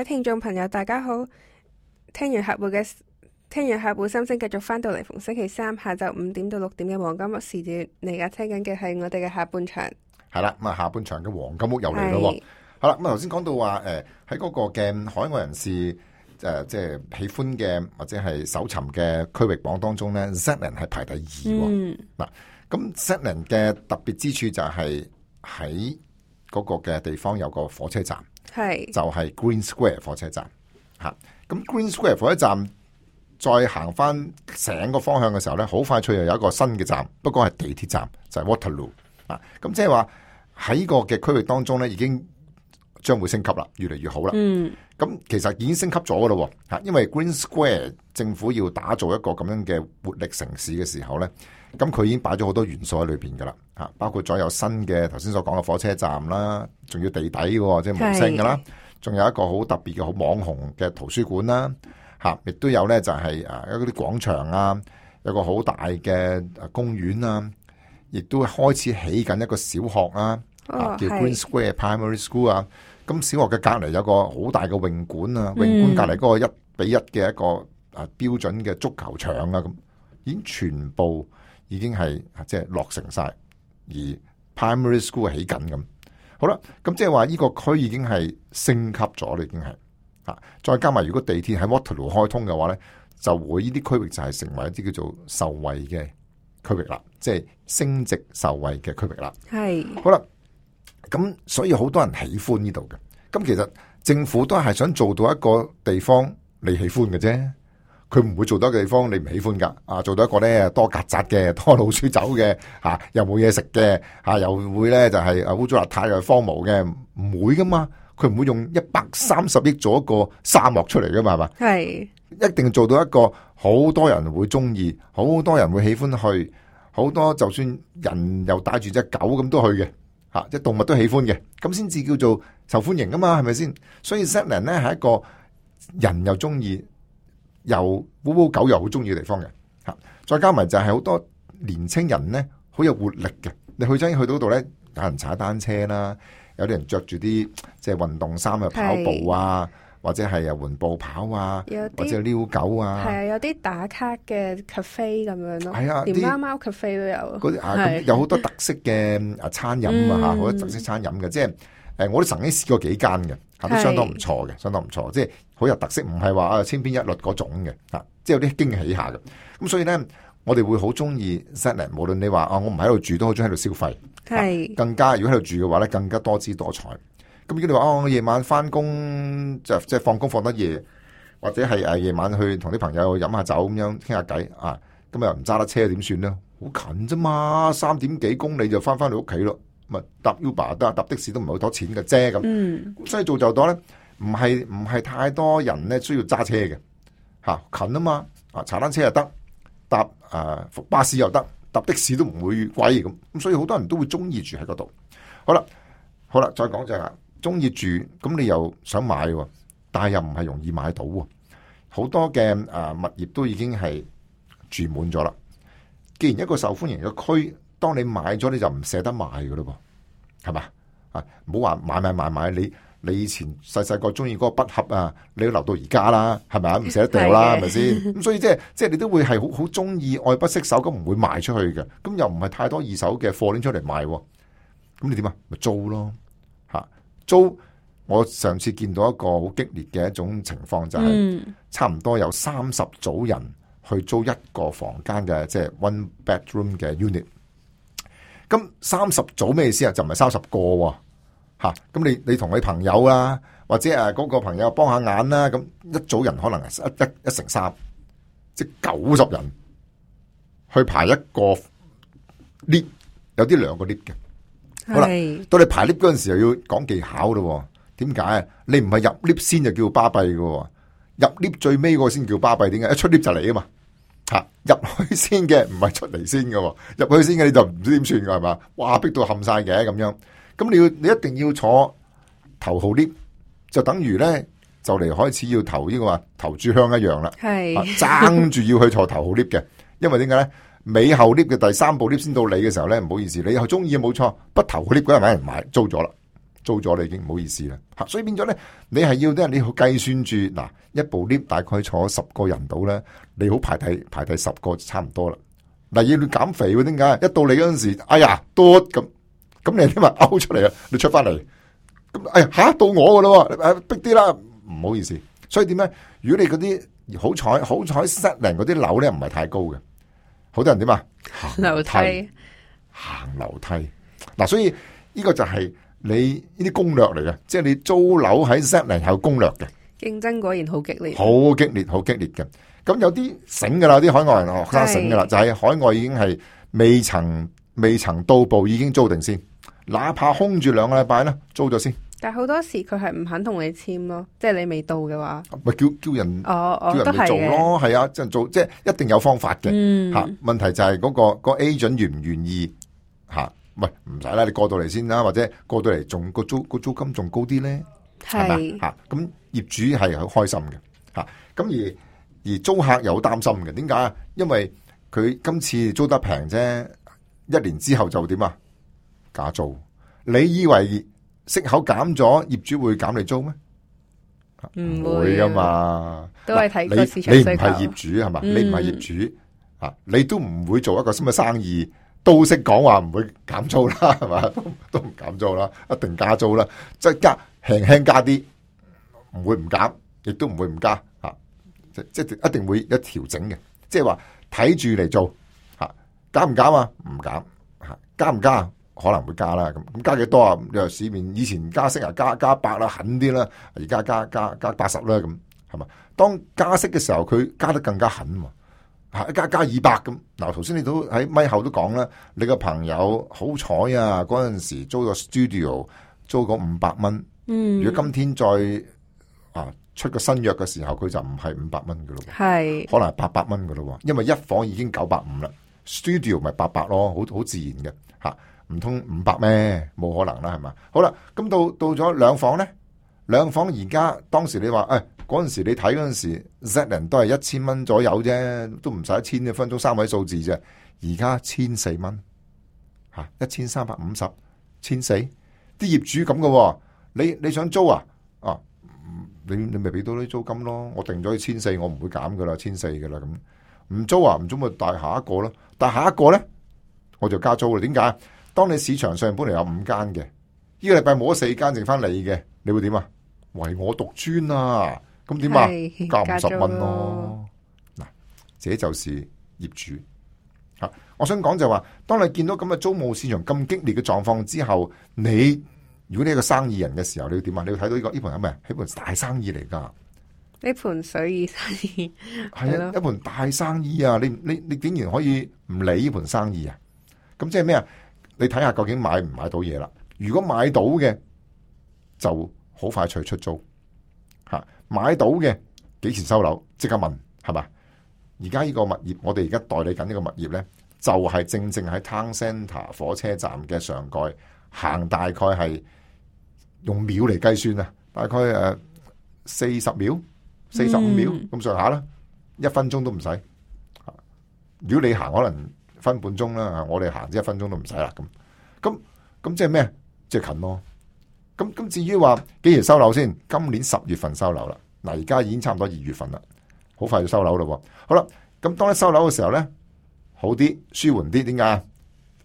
聽眾朋友，大家好！聽完客戶嘅聽完客戶心聲，繼續翻到嚟逢星期三下晝五點到六點嘅黃金屋時段嚟，而家聽緊嘅係我哋嘅下半場。係啦，咁啊，下半場嘅黃金屋又嚟啦！好啦，咁啊，頭先講到話誒，喺嗰個嘅海外人士誒，即係喜歡嘅或者係搜尋嘅區域榜當中咧，Zetland 係排第二。嗱、嗯，咁 Zetland 嘅特別之處就係喺嗰個嘅地方有個火車站。係，就係、是、Green Square 火車站吓，咁 Green Square 火車站再行翻成個方向嘅時候呢，好快脆又有一個新嘅站，不過係地鐵站，就係、是、Waterloo 啊，咁即係話喺個嘅區域當中呢，已經將會升級啦，越嚟越好啦。嗯咁其實已經升級咗噶咯喎，嚇！因為 Green Square 政府要打造一個咁樣嘅活力城市嘅時候咧，咁佢已經擺咗好多元素喺裏邊噶啦，嚇！包括咗有新嘅頭先所講嘅火車站啦，仲要地底嘅即係無聲噶啦，仲、就是、有一個好特別嘅好網紅嘅圖書館啦，嚇！亦都有咧就係啊有啲廣場啊，有一個好大嘅公園啊，亦都開始起緊一個小學啊、哦、叫 Green Square Primary School 啊。咁小學嘅隔籬有個好大嘅泳館啊，嗯、泳館隔籬嗰個一比一嘅一個啊標準嘅足球場啊，咁已經全部已經係即係落成晒，而 primary school 起緊咁，好啦，咁即係話呢個區已經係升級咗啦，已經係啊，再加埋如果地鐵喺 Waterloo 開通嘅話咧，就會呢啲區域就係成為一啲叫做受惠嘅區域啦，即係升值受惠嘅區域啦，係好啦。咁所以好多人喜歡呢度嘅，咁其實政府都係想做到一個地方你喜歡嘅啫，佢唔會做到一個地方你唔喜歡噶，啊做到一個咧多曱甴嘅，多老鼠走嘅，吓、啊、又冇嘢食嘅，吓、啊、又會咧就係烏糟邋遢又荒蕪嘅，唔會噶嘛，佢唔會用一百三十億做一個沙漠出嚟噶嘛，係嘛？係一定做到一個好多人會中意，好多人會喜歡去，好多就算人又帶住隻狗咁都去嘅。吓，即係動物都喜歡嘅，咁先至叫做受歡迎噶嘛，係咪先？所以 Zetland 咧係一個人又中意，又嗚嗚狗又好中意嘅地方嘅吓。再加埋就係好多年青人咧，好有活力嘅。你去真去到嗰度咧，有人踩單車啦，有啲人着住啲即係運動衫去跑步啊。或者係又緩步跑啊，或者遛狗啊，係啊，有啲打卡嘅 cafe 咁樣咯，係啊，啲、啊、貓貓 cafe 都有、啊，係、那個啊、有好多特色嘅啊餐飲啊嚇，好、嗯、多特色餐飲嘅，即係誒，我都曾經試過幾間嘅，都相當唔錯嘅，相當唔錯，即係好有特色，唔係話啊千篇一律嗰種嘅嚇，即係有啲驚喜一下嘅。咁所以咧，我哋會好中意 Zetland，無論你話啊，我唔喺度住都好中，喺度消費，係、啊、更加如果喺度住嘅話咧，更加多姿多彩。咁如果你話哦，夜晚翻工就即、是、係放工放得夜，或者係誒夜晚去同啲朋友飲下酒咁樣傾下偈啊，今日又唔揸得車點算咧？好近啫嘛，三點幾公里就翻翻你屋企咯。咪搭 Uber 得，搭的士都唔係好多錢嘅啫。咁、嗯、所以做就多咧，唔係唔係太多人咧需要揸車嘅吓、啊，近啊嘛，啊踩單車又得，搭誒、啊、巴士又得，搭的士都唔會貴咁。咁所以好多人都會中意住喺嗰度。好啦，好啦，再講就係。中意住，咁你又想買喎，但係又唔係容易買到喎。好多嘅誒物業都已經係住滿咗啦。既然一個受歡迎嘅區，當你買咗，你就唔捨得賣噶咯噃，係嘛啊？唔好話買買買買，你你以前細細個中意嗰個筆盒啊，你要留到而家啦，係咪啊？唔捨得掉啦，係咪先？咁所以即係即係你都會係好好中意，愛不釋手，咁唔會賣出去嘅。咁又唔係太多二手嘅貨拎出嚟賣，咁你點啊？咪、啊、租咯。租，我上次見到一個好激烈嘅一種情況就係，差唔多有三十組人去租一個房間嘅，即係 one bedroom 嘅 unit。咁三十組咩意思啊？就唔係三十個，吓，咁你你同你朋友啊，或者誒嗰個朋友幫下眼啦，咁一組人可能係一一一乘三，即係九十人去排一個 lift，有啲兩個 lift 嘅。好啦，到你排 lift 嗰陣時候又要講技巧咯，點解？你唔係入 lift 先就叫巴閉喎。入 lift 最尾嗰個先叫巴閉，點解？一出 lift 就嚟啊嘛，吓，入去先嘅，唔係出嚟先嘅，入去先嘅你就唔知點算嘅係嘛？哇，逼到冚晒嘅咁樣，咁你要你一定要坐頭號 lift，就等於咧就嚟開始要投呢、這個嘛，投注香一樣啦，係爭住要去坐頭號 lift 嘅， 因為點解咧？尾後 lift 嘅第三部 lift 先到你嘅時候咧，唔好意思，你又中意冇錯，不投嗰 lift 嗰日咪有人買租咗啦，租咗你已經唔好意思啦，吓，所以變咗咧，你係要咧，你要計算住嗱，一部 lift 大概坐十個人度咧，你好排第排第十個差唔多啦，嗱要你減肥點解？一到你嗰陣時，哎呀，多咁咁你聽日勾出嚟啊，你出翻嚟咁，哎吓，到我噶咯，誒逼啲啦，唔好意思，所以點咧？如果你嗰啲好彩好彩失靈嗰啲樓咧，唔係太高嘅。好多人點啊？行樓梯行樓梯嗱，所以呢個就係你呢啲攻略嚟嘅，即係你租樓喺 Zetland 係有攻略嘅。競爭果然好激烈，好激烈，好激烈嘅。咁有啲醒噶啦，啲海外人學生醒噶啦，就喺海外已經係未曾未曾到步，已經租定先，哪怕空住兩個禮拜咧，租咗先。但係好多時佢係唔肯同你簽咯，即係你未到嘅話，咪叫叫人，哦哦、叫人嚟做咯，係啊，即、就、係、是、做，即係一定有方法嘅。吓、嗯啊，問題就係嗰、嗰個個 agent 願唔願意吓、啊？喂，唔使啦，你過到嚟先啦、啊，或者過到嚟仲個租個租金仲高啲咧，係嘛吓？咁、啊、業主係好開心嘅吓，咁、啊、而而租客又好擔心嘅，點解啊？因為佢今次租得平啫，一年之後就點啊？加租？你以為？息口減咗，業主會減你租咩？唔會噶嘛，啊、都係睇你。你唔係業主係嘛、嗯？你唔係業主啊？你都唔會做一個新嘅生意，都識講話唔會減租啦，係嘛？都唔減租啦，一定加租啦，即係、啊、加輕輕加啲，唔會唔減，亦都唔會唔加啊！即即一定會有調整嘅，即係話睇住嚟做啊！減唔減啊？唔減啊！加唔加可能會加啦，咁咁加幾多啊？你話市面以前加息啊，加加八啦，狠啲啦，而家加加加八十啦，咁係嘛？當加息嘅時候，佢加得更加狠嘛？嚇，加加二百咁。嗱，頭先你都喺咪後都講啦，你個朋友好彩啊，嗰陣時租個 studio 租個五百蚊。嗯，如果今天再啊出個新約嘅時候，佢就唔係五百蚊嘅咯，係可能係八百蚊嘅咯。因為一房已經九百五啦，studio 咪八百咯，好好自然嘅嚇。唔通五百咩？冇可能啦，係嘛？好啦，咁到到咗兩房咧，兩房而家當時你話，誒嗰陣時你睇嗰陣時 Zen 都係一千蚊左右啫，都唔使一千一分鐘三位數字啫，而家千四蚊，吓一千三百五十，千四，啲業主咁噶，你你想租啊？啊，你你咪俾到啲租金咯，我定咗去千四，我唔會減噶啦，千四噶啦，咁唔租啊，唔租咪帶下一個咯，帶下一個咧，我就加租啦，點解？當你市場上本來有五間嘅，呢、這個禮拜冇咗四間，剩翻你嘅，你會點啊？唯我獨尊啊！咁點啊？交五十蚊咯。嗱，這就是業主吓、啊。我想講就話，當你見到咁嘅租務市場咁激烈嘅狀況之後，你如果你係個生意人嘅時候，你要點啊？你要睇到呢、這個呢盤有咩？係盤大生意嚟噶，呢盤水生意係啊，一盤大生意啊！你你你，你竟然可以唔理呢盤生意啊？咁即係咩啊？你睇下究竟買唔買到嘢啦？如果買到嘅，就好快脆出租吓。買到嘅幾時收樓？即刻問係嘛？而家呢個物業，我哋而家代理緊呢個物業咧，就係正正喺 Town Centre 火車站嘅上蓋，行大概係用秒嚟計算啊，大概誒四十秒、四十五秒咁上下啦，嗯、一分鐘都唔使。如果你行可能。分半鐘啦，我哋行咗一分鐘都唔使啦，咁咁咁即係咩？即係近咯。咁咁至於話幾時收樓先？今年十月份收樓啦。嗱，而家已經差唔多二月份啦，好快就收樓咯。好啦，咁當你收樓嘅時候咧，好啲舒緩啲。點解？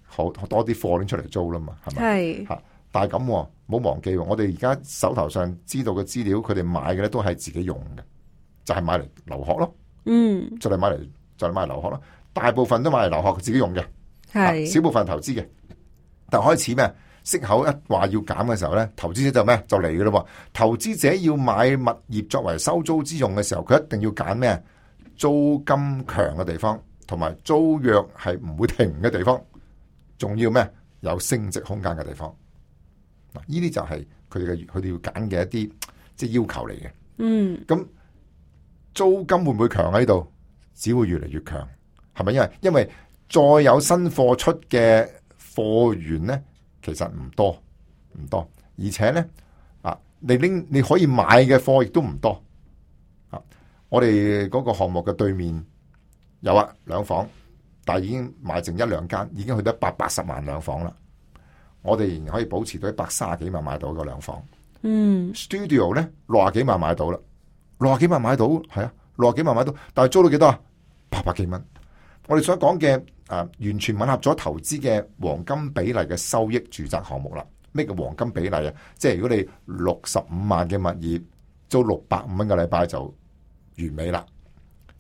好多啲貨拎出嚟租啦嘛，係咪？係吓。但係咁，唔好忘記，我哋而家手頭上知道嘅資料，佢哋買嘅咧都係自己用嘅，就係買嚟留學咯。嗯，就係買嚟就係買嚟留學咯。大部分都買嚟留學自己用嘅，係小部分投資嘅。但開始咩息口一話要減嘅時候咧，投資者就咩就嚟嘅咯。投資者要買物業作為收租之用嘅時候，佢一定要揀咩租金強嘅地方，同埋租約係唔會停嘅地方，仲要咩有升值空間嘅地方。嗱，呢啲就係佢哋嘅佢哋要揀嘅一啲即係要求嚟嘅。嗯，咁租金會唔會強喺度？只會越嚟越強。係咪？因為因為再有新貨出嘅貨源咧，其實唔多唔多，而且咧啊，你拎你可以買嘅貨亦都唔多啊。我哋嗰個項目嘅對面有啊兩房，但係已經買剩一兩間，已經去到一百八十萬兩房啦。我哋仍然可以保持到一百三十幾萬買到一個兩房。嗯，studio 咧六十幾萬買到啦，六十幾萬買到係啊，六十幾萬買到，但係租到幾多啊？八百幾蚊。我哋所講嘅誒，完全吻合咗投資嘅黃金比例嘅收益住宅項目啦。咩叫黃金比例啊？即係如果你六十五萬嘅物業租六百五蚊嘅禮拜就完美啦。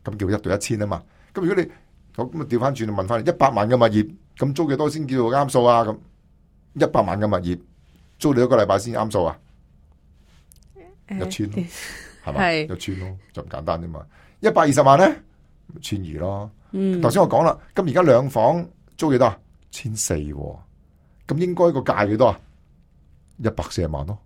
咁叫一對一千啊嘛。咁如果你我咁啊調翻轉啊問翻你一百萬嘅物業咁租幾多先叫啱數啊？咁一百萬嘅物業租你一個禮拜先啱數啊？Uh, 一千咯，係、uh, 咪？Uh, 一千咯，就唔簡單啫嘛？一百二十萬咧，千二咯。嗯、頭先我講啦，咁而家兩房租幾多啊？千四。哦，咁應該個價幾多啊？一百四十萬咯，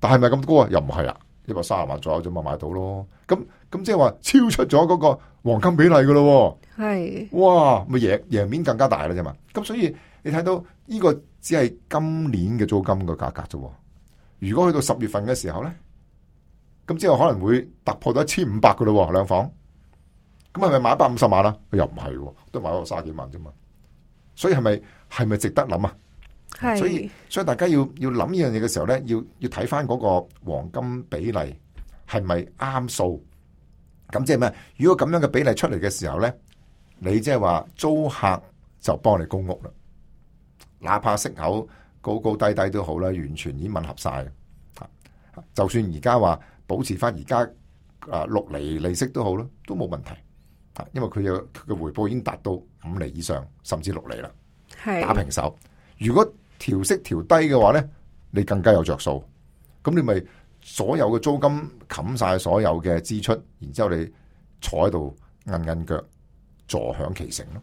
但係咪咁高啊？又唔係啊，一百卅萬左右啫嘛，買到咯。咁咁即係話超出咗嗰個黃金比例噶咯，係哇，咪贏贏面更加大啦啫嘛。咁所以你睇到呢個只係今年嘅租金個價格啫。如果去到十月份嘅時候咧，咁之後可能會突破到一千五百噶咯，兩房。咁係咪買一百五十萬啦、啊？佢又唔係、啊，都買咗三十幾萬啫嘛。所以係咪係咪值得諗啊？所以所以大家要要諗呢樣嘢嘅時候咧，要要睇翻嗰個黃金比例係咪啱數。咁即係咩？如果咁樣嘅比例出嚟嘅時候咧，你即係話租客就幫你供屋啦。哪怕息口高高低低都好啦，完全已經吻合晒。吓，就算而家話保持翻而家啊六厘利息都好啦，都冇問題。因為佢有佢嘅回報已經達到五厘以上，甚至六厘啦，打平手。如果調息調低嘅話咧，你更加有着數。咁你咪所有嘅租金冚晒所有嘅支出，然之後你坐喺度揞揞腳，坐享其成咯，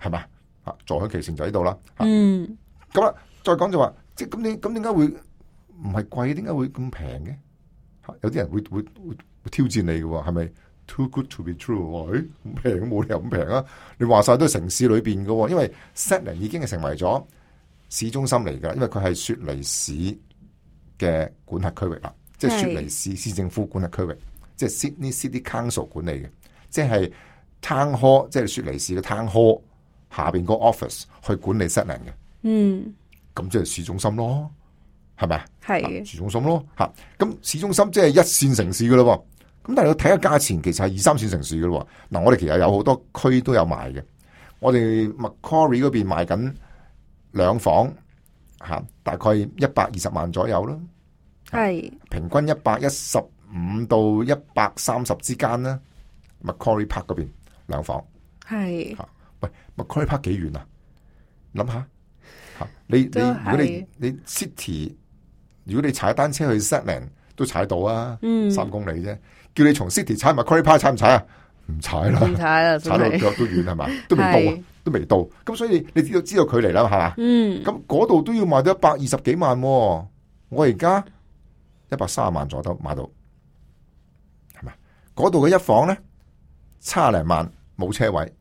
係咪？啊，坐享其成就喺度啦。嗯，咁啦，再講就話、是，即係咁你咁點解會唔係貴？點解會咁平嘅？吓，有啲人會會會會挑戰你嘅，係咪？Too good to be true，誒、欸，平冇理由咁平啊！你話晒都係城市裏邊噶因為 Zetland 已經係成為咗市中心嚟噶因為佢係雪梨市嘅管轄區域啦，即係雪梨市市政府管轄區域，即係 City City Council 管理嘅，即係 Town Hall，即係雪梨市嘅 Town Hall 下邊個 Office 去管理 Zetland 嘅。嗯，咁即係市中心咯，係咪？係、啊、市中心咯，吓、啊，咁市中心即係一線城市噶咯。咁但係我睇下價錢，其實係二三線城市嘅喎。嗱，我哋其實有好多區都有賣嘅。我哋 Macquarie 嗰邊賣緊兩房、啊，吓，大概一百二十萬左右啦。係平均一百一十五到一百三十之間啦。Macquarie Park 嗰邊兩房係、啊、喂，Macquarie Park 幾遠啊？諗下吓、啊，你你如果你你 City，如果你踩單車去 Zetland 都踩到啊、嗯，三公里啫。叫你從 City 踩，唔 Cray Park 踩唔踩啊？唔踩啦，唔踩啦，踩到腳都遠係嘛？都未到， 都未到。咁所以你知道知道距離啦，係嘛？嗯。咁嗰度都要賣到一百二十幾萬、啊，我而家一百三十萬左右買到，係嘛？嗰度嘅一房咧，七零萬冇車位，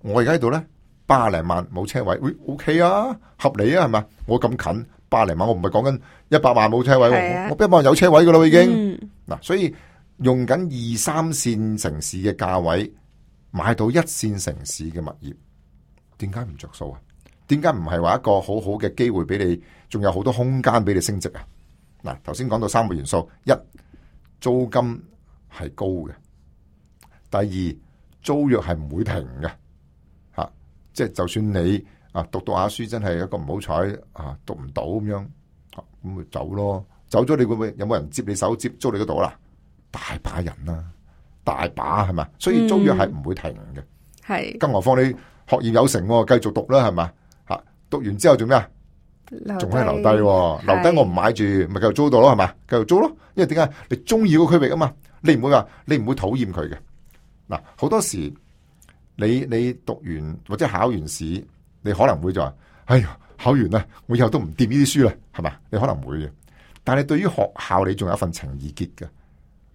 我而家喺度咧八零萬冇車位，喂、哎、OK 啊，合理啊，係嘛？我咁近八零萬，我唔係講緊一百萬冇車位，啊、我一百萬有車位噶啦已經。嗱、嗯，所以。用緊二三線城市嘅價位買到一線城市嘅物業，點解唔着數啊？點解唔係話一個好好嘅機會俾你？仲有好多空間俾你升值啊！嗱，頭先講到三個元素：一、租金係高嘅；第二，租約係唔會停嘅。吓，即係就算你啊讀到下書，真係一個唔好彩啊讀唔到咁樣，咁咪走咯。走咗你會唔會有冇人接你手接租你嗰度啦？大把人啦、啊，大把係嘛，所以租約係唔會停嘅，係更何況你學業有成、哦，繼續讀啦，係嘛，吓讀完之後做咩啊？仲可以留低、哦，留低我唔買住，咪繼續租到咯，係嘛，繼續租咯。因為點解你中意個區域啊嘛，你唔會話你唔會討厭佢嘅。嗱，好多時你你讀完或者考完試，你可能會就話，哎呀，考完啦，我以後都唔掂呢啲書啦，係嘛，你可能會嘅。但係對於學校，你仲有一份情意結嘅。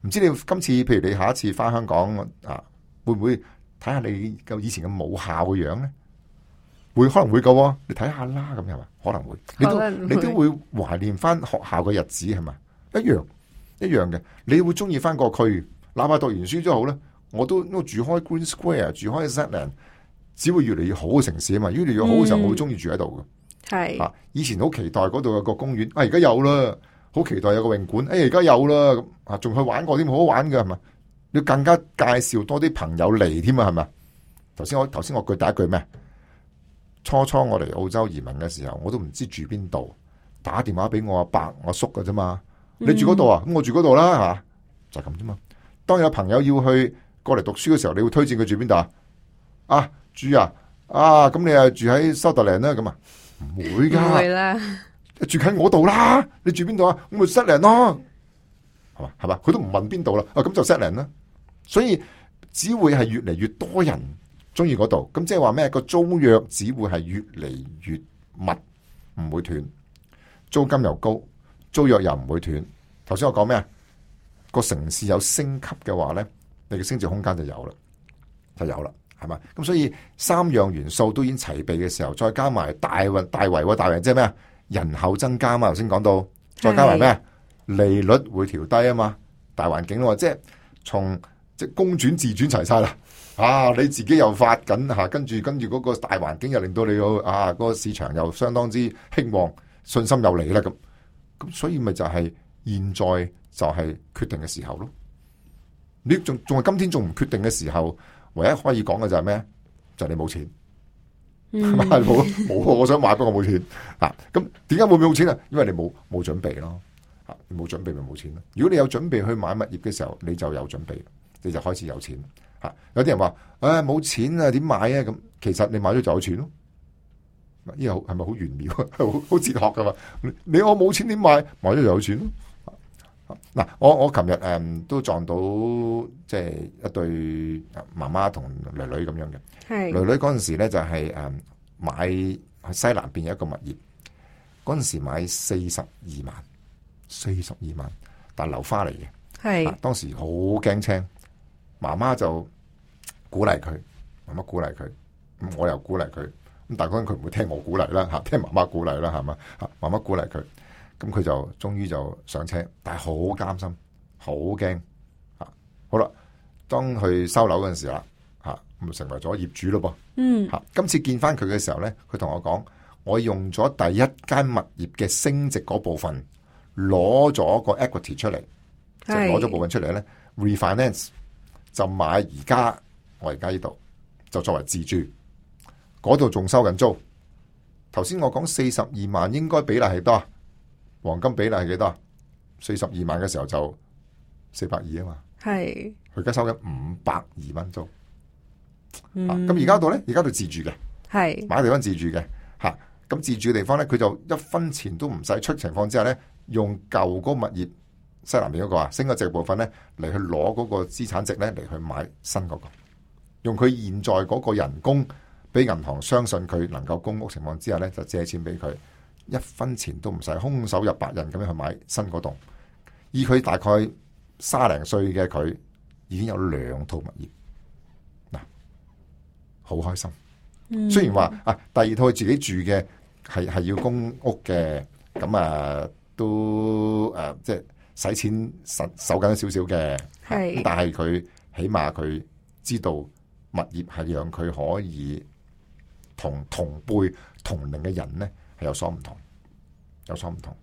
唔知你今次，譬如你下一次翻香港啊，會唔會睇下你個以前嘅母校嘅樣咧？會可能會噶、啊，你睇下啦，咁係咪？可能會，你都你都會懷念翻學校嘅日子，係咪？一樣一樣嘅，你會中意翻個區，哪怕讀完書都好咧。我都我住開 Green Square，住開 Zetland，只會越嚟越好嘅城市啊嘛。越嚟越好嘅時候，我會中意住喺度嘅。係啊，以前好期待嗰度有個公園，啊，而家有啦。好期待有個泳館，誒，而家有啦，咁。啊仲去玩過添，好玩嘅係嘛？你更加介紹多啲朋友嚟添啊，係嘛？頭先我頭先我句第一句咩？初初我嚟澳洲移民嘅時候，我都唔知住邊度，打電話俾我阿伯、我叔嘅啫嘛。你住嗰度啊？咁、嗯、我住嗰度啦，吓就咁啫嘛。當有朋友要去過嚟讀書嘅時候，你會推薦佢住邊度啊？啊住啊，啊咁你住喺蘇啊住喺蘇特蘭啦，咁啊唔會噶。住喺我度啦，你住邊度啊？我咪 set 咯，係嘛係嘛？佢都唔問邊度啦。啊，咁就 set 啦。所以只會係越嚟越多人中意嗰度。咁即係話咩？個租約只會係越嚟越密，唔會斷。租金又高，租約又唔會斷。頭先我講咩啊？個城市有升級嘅話咧，你嘅升值空間就有啦，就有啦，係嘛？咁所以三樣元素都已經齊備嘅時候，再加埋大運、大圍、大圍即係咩啊？人口增加嘛，頭先講到，再加埋咩，利率會調低啊嘛，大環境咯，即係從即公轉自轉齊晒啦，啊你自己又發緊吓，跟住跟住嗰個大環境又令到你個啊個市場又相當之興旺，信心又嚟啦咁，咁所以咪就係現在就係決定嘅時候咯，你仲仲係今天仲唔決定嘅時候，唯一可以講嘅就係咩，就係你冇錢。係冇冇，我想買，不過冇錢嗱。咁點解冇冇錢啊？因為你冇冇準備咯，吓你冇準備咪冇錢咯。如果你有準備去買物業嘅時候，你就有準備，你就開始有錢吓、啊。有啲人話，唉、哎、冇錢啊，點買啊？咁其實你買咗就有錢咯。呢個係咪好玄妙啊？好 好哲學噶嘛？你我冇錢點買，買咗就有錢咯。嗱、啊，我我琴日誒都撞到即係、就是、一對媽媽同女女咁樣嘅，女女嗰陣時咧就係、是、誒、嗯、買西南邊一個物業，嗰陣時買四十二萬，四十二萬，但樓花嚟嘅，係、啊、當時好驚青，媽媽就鼓勵佢，媽媽鼓勵佢，我又鼓勵佢，咁但係佢唔會聽我鼓勵啦，吓聽媽媽鼓勵啦，係嘛？吓媽媽鼓勵佢。咁佢就終於就上車，但係好擔心，好驚吓。好啦，當佢收樓嗰陣時啦，吓、啊、咁就成為咗業主咯。噉、啊嗯，今次見翻佢嘅時候咧，佢同我講：我用咗第一間物業嘅升值嗰部分，攞咗個 equity 出嚟，就攞、是、咗部分出嚟咧 refinance 就買而家我而家呢度就作為自住，嗰度仲收緊租。頭先我講四十二萬，應該比例係多。黃金比例係幾多啊？四十二萬嘅時候就四百二啊嘛。係佢而家收緊五百二蚊租。咁而家度咧，而家度自住嘅，係買地方自住嘅，吓咁自住嘅地方咧，佢就一分錢都唔使出情況之下咧，用舊嗰個物業西南邊嗰個啊，升嘅值的部分咧嚟去攞嗰個資產值咧嚟去買新嗰個，用佢現在嗰個人工，俾銀行相信佢能夠供屋情況之下咧，就借錢俾佢。一分錢都唔使，空手入白刃咁樣去買新嗰棟，以佢大概三十歲嘅，佢已經有兩套物業，嗱，好開心。雖然話、嗯、啊第二套自己住嘅係係要供屋嘅，咁啊都誒即係使錢實手緊少少嘅，係、啊，但係佢起碼佢知道物業係讓佢可以同同輩同齡嘅人咧。有所唔同，有所唔同、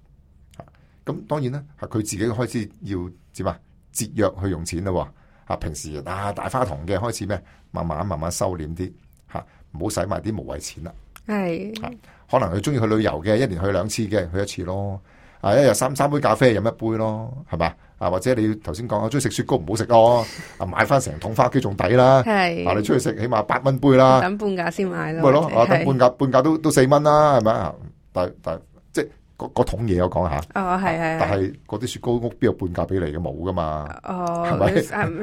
啊。咁當然啦，係佢自己開始要點啊？節約去用錢咯。啊，平時啊大花筒嘅開始咩？慢慢慢慢收斂啲吓，唔好使埋啲無謂錢啦。係可能佢中意去旅遊嘅，一年去兩次嘅，去一次咯。啊，一日三三杯咖啡飲一杯咯，係咪？啊？或者你要頭先講啊，中意食雪糕唔好食咯，啊買翻成桶花機仲抵啦。係嗱，你出去食起碼八蚊杯啦，等半價先買咯。咪咯，等半價，半價都都四蚊啦，係咪啊？但但即係嗰嗰桶嘢我講下，哦係係係，但係嗰啲雪糕屋邊有半價俾你嘅冇噶嘛，哦係咪？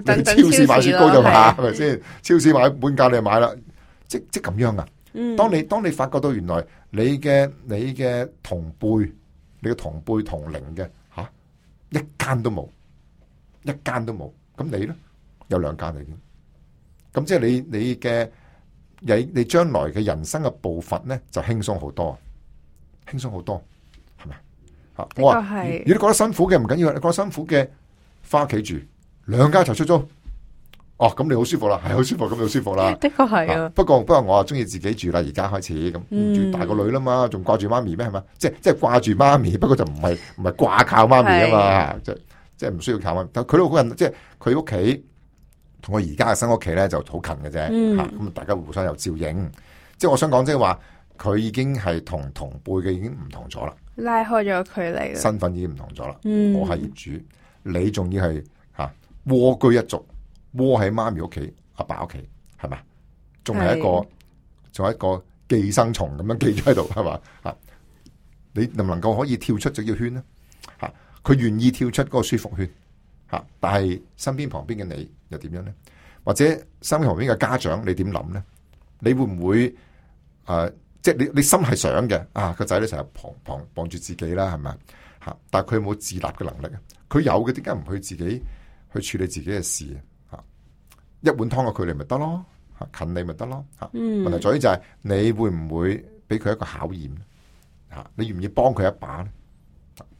喺超市買雪糕就買，係咪先？超市買半價你就買啦，即即咁樣啊？當你當你發覺到原來你嘅你嘅同輩，你嘅同輩同齡嘅吓，一間都冇，一間都冇，咁你咧有兩間嚟嘅，咁即係你你嘅你你將來嘅人生嘅步伐咧就輕鬆好多。輕鬆好多，係咪？吓我話，如果你，你覺得辛苦嘅唔緊要，你覺得辛苦嘅，翻屋企住，兩家一齊出租，哦，咁你好舒服啦，係好舒服，咁就舒服啦。的確係啊，啊。不過不過我啊中意自己住啦，而家開始咁，住大個女啦嘛，仲掛住媽咪咩？係咪？即係即係掛住媽咪，不過就唔係唔係掛靠媽咪啊嘛，即係即係唔需要靠媽咪。但佢都好近，即係佢屋企同我而家嘅新屋企咧，就好近嘅啫。吓咁，大家互相有照應。即係我想講，即係話。佢已經係同同輩嘅已經唔同咗啦，拉開咗距離。身份已經唔同咗啦，我係業主，你仲要係吓蝸居一族，蝸喺媽咪屋企、阿爸屋企，係咪？仲係一個仲係一個寄生蟲咁樣寄喺度，係嘛？吓， 你能唔能夠可以跳出呢個圈呢？吓，佢願意跳出嗰個舒服的圈，吓，但係身邊旁邊嘅你又點樣呢？或者身邊旁邊嘅家長，你點諗呢？你會唔會誒？呃即係你，你心係想嘅，啊個仔咧成日傍傍傍住自己啦，係咪吓，但係佢有冇自立嘅能力啊，佢有嘅點解唔去自己去處理自己嘅事啊？吓，一碗湯嘅距離咪得咯？吓，近你咪得咯？吓、嗯，問題在於就係你會唔會俾佢一個考驗吓，你願唔願幫佢一把咧？呢、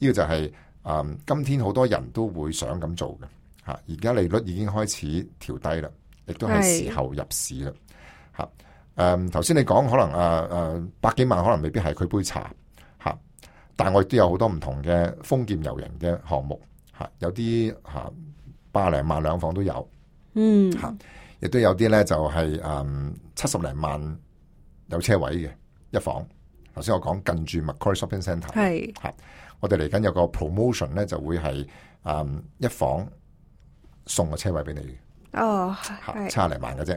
這個就係、是、誒、嗯，今天好多人都會想咁做嘅。吓，而家利率已經開始調低啦，亦都係時候入市啦。吓。誒，頭先你講可能誒誒、啊啊、百幾萬可能未必係佢杯茶嚇、啊，但係我亦都有好多唔同嘅封建遊人嘅項目嚇、啊，有啲嚇百零萬兩房都有。嗯嚇，亦、啊、都有啲咧就係誒七十零萬有車位嘅一房。頭先我講近住 Macquarie Shopping Centre 係、啊、我哋嚟緊有個 promotion 咧就會係誒、啊、一房送個車位俾你，哦嚇，七十零、啊、萬嘅啫。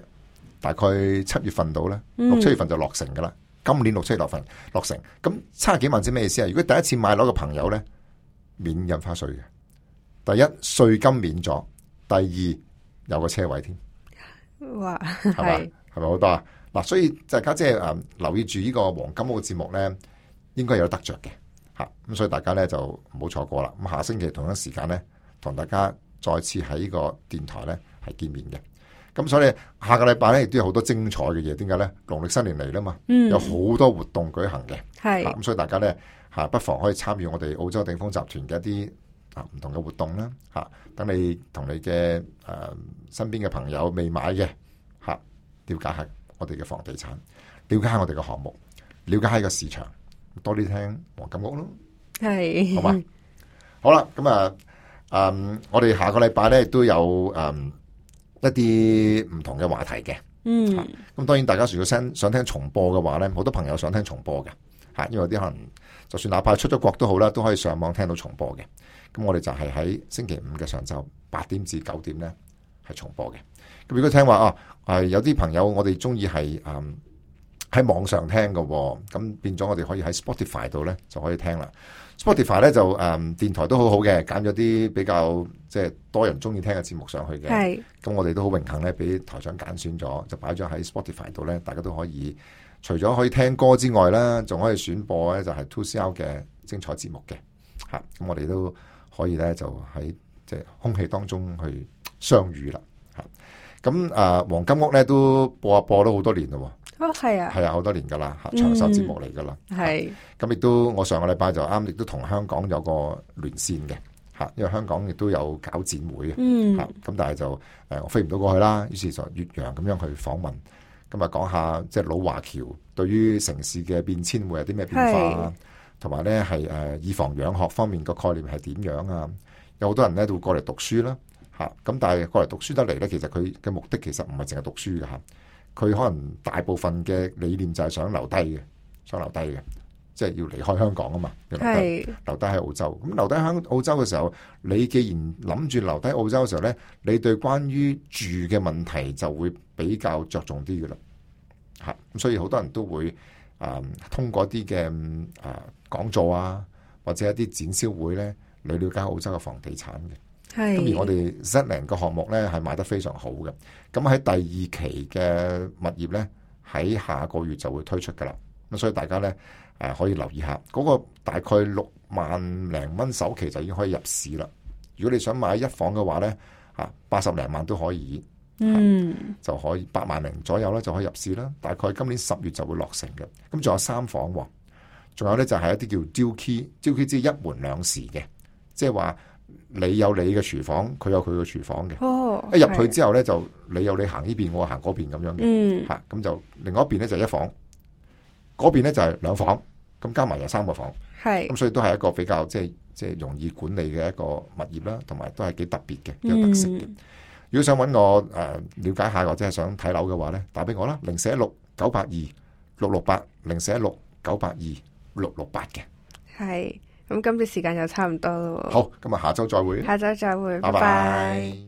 大概七月份到咧，六七月份就落成噶啦、嗯。今年六七月份落成，咁差幾萬之咩意思啊？如果第一次買樓嘅朋友咧，免印花稅嘅。第一，稅金免咗，第二有個車位添。哇！係咪係咪好多啊？嗱，所以大家即係誒留意住呢個黃金屋嘅節目咧，應該有得着嘅吓。咁所以大家咧就唔好錯過啦。咁下星期同一時間咧，同大家再次喺呢個電台咧係見面嘅。咁所以下個禮拜咧，亦都有好多精彩嘅嘢。點解呢？農曆新年嚟啦嘛，有好多活動舉行嘅。係咁，所以大家呢，吓不妨可以參與我哋澳洲鼎豐集團嘅一啲啊唔同嘅活動啦。吓，等你同你嘅誒身邊嘅朋友未買嘅吓，了解下我哋嘅房地產，了解下我哋嘅項目，了解下， 了解下個市場，多啲聽黃金屋咯。係好嘛？好啦，咁啊，嗯，我哋下個禮拜咧都有嗯。一啲唔同嘅話題嘅，嗯，咁、啊、當然大家如果想，想聽重播嘅話呢，好多朋友想聽重播嘅，吓，因為有啲可能就算哪怕出咗國都好啦，都可以上網聽到重播嘅。咁我哋就係喺星期五嘅上晝八點至九點呢係重播嘅。咁如果聽話啊，係有啲朋友我哋中意係喺網上聽嘅，咁變咗我哋可以喺 Spotify 度呢就可以聽啦。Spotify 咧就誒、嗯、電台都好好嘅，揀咗啲比較即係、就是、多人中意聽嘅節目上去嘅。咁我哋都好榮幸咧，俾台長揀選咗，就擺咗喺 Spotify 度咧，大家都可以除咗可以聽歌之外咧，仲可以選播咧就係 2CR 嘅精彩節目嘅。嚇，咁我哋都可以咧就喺即係空氣當中去相遇啦。嚇，咁啊、呃、黃金屋咧都播一播咗好多年喎。哦，係啊，係啊，好多年噶啦，長壽節目嚟噶啦，係咁亦都，我上個禮拜就啱，亦都同香港有個連線嘅，吓，因為香港亦都有搞展會嗯吓，咁、mm. 啊、但係就誒，我飛唔到過去啦，於是就越洋咁樣去訪問，今日講下即係、就是、老華僑對於城市嘅變遷會有啲咩變化同埋咧係誒，以房養學方面個概念係點樣啊？有好多人咧都會過嚟讀書啦，吓、啊，咁但係過嚟讀書得嚟咧，其實佢嘅目的其實唔係淨係讀書嘅吓。佢可能大部分嘅理念就係想留低嘅，想留低嘅，即係要離開香港啊嘛。留低，留低喺澳洲。咁留低喺澳洲嘅時候，你既然諗住留低澳洲嘅時候呢，你對關於住嘅問題就會比較着重啲嘅啦。嚇，咁所以好多人都會啊，通過啲嘅啊講座啊，或者一啲展銷會呢，嚟了解澳洲嘅房地產。.咁而我哋 z 零個項目呢，係賣得非常好嘅，咁喺第二期嘅物業呢，喺下個月就會推出噶啦，咁所以大家呢，誒可以留意下嗰個大概六萬零蚊首期就已經可以入市啦。如果你想買一房嘅話呢，嚇八十零萬都可以，嗯，就可以八萬零左右咧就可以入市啦。大概今年十月就會落成嘅，咁仲有三房喎，仲有呢就係一啲叫 dual key dual key 即係一門兩匙嘅，即係話。你有你嘅廚房，佢有佢嘅廚房嘅。哦、oh，一入去之後呢，就你有你行呢邊，我行嗰邊咁樣嘅。嗯、mm. 啊，吓咁就另外一邊呢，就係、一房，嗰邊呢，就係、是、兩房，咁加埋有三個房。係，咁所以都係一個比較即係即係容易管理嘅一個物業啦，同埋都係幾特別嘅，有特色嘅。Mm. 如果想揾我誒、呃、了解下或者係想睇樓嘅話呢，打俾我啦，零四一六九八二六六八零四一六九八二六六八嘅。係。咁今次時間又差唔多咯，好，今日下周再，再會，下周再會，拜拜。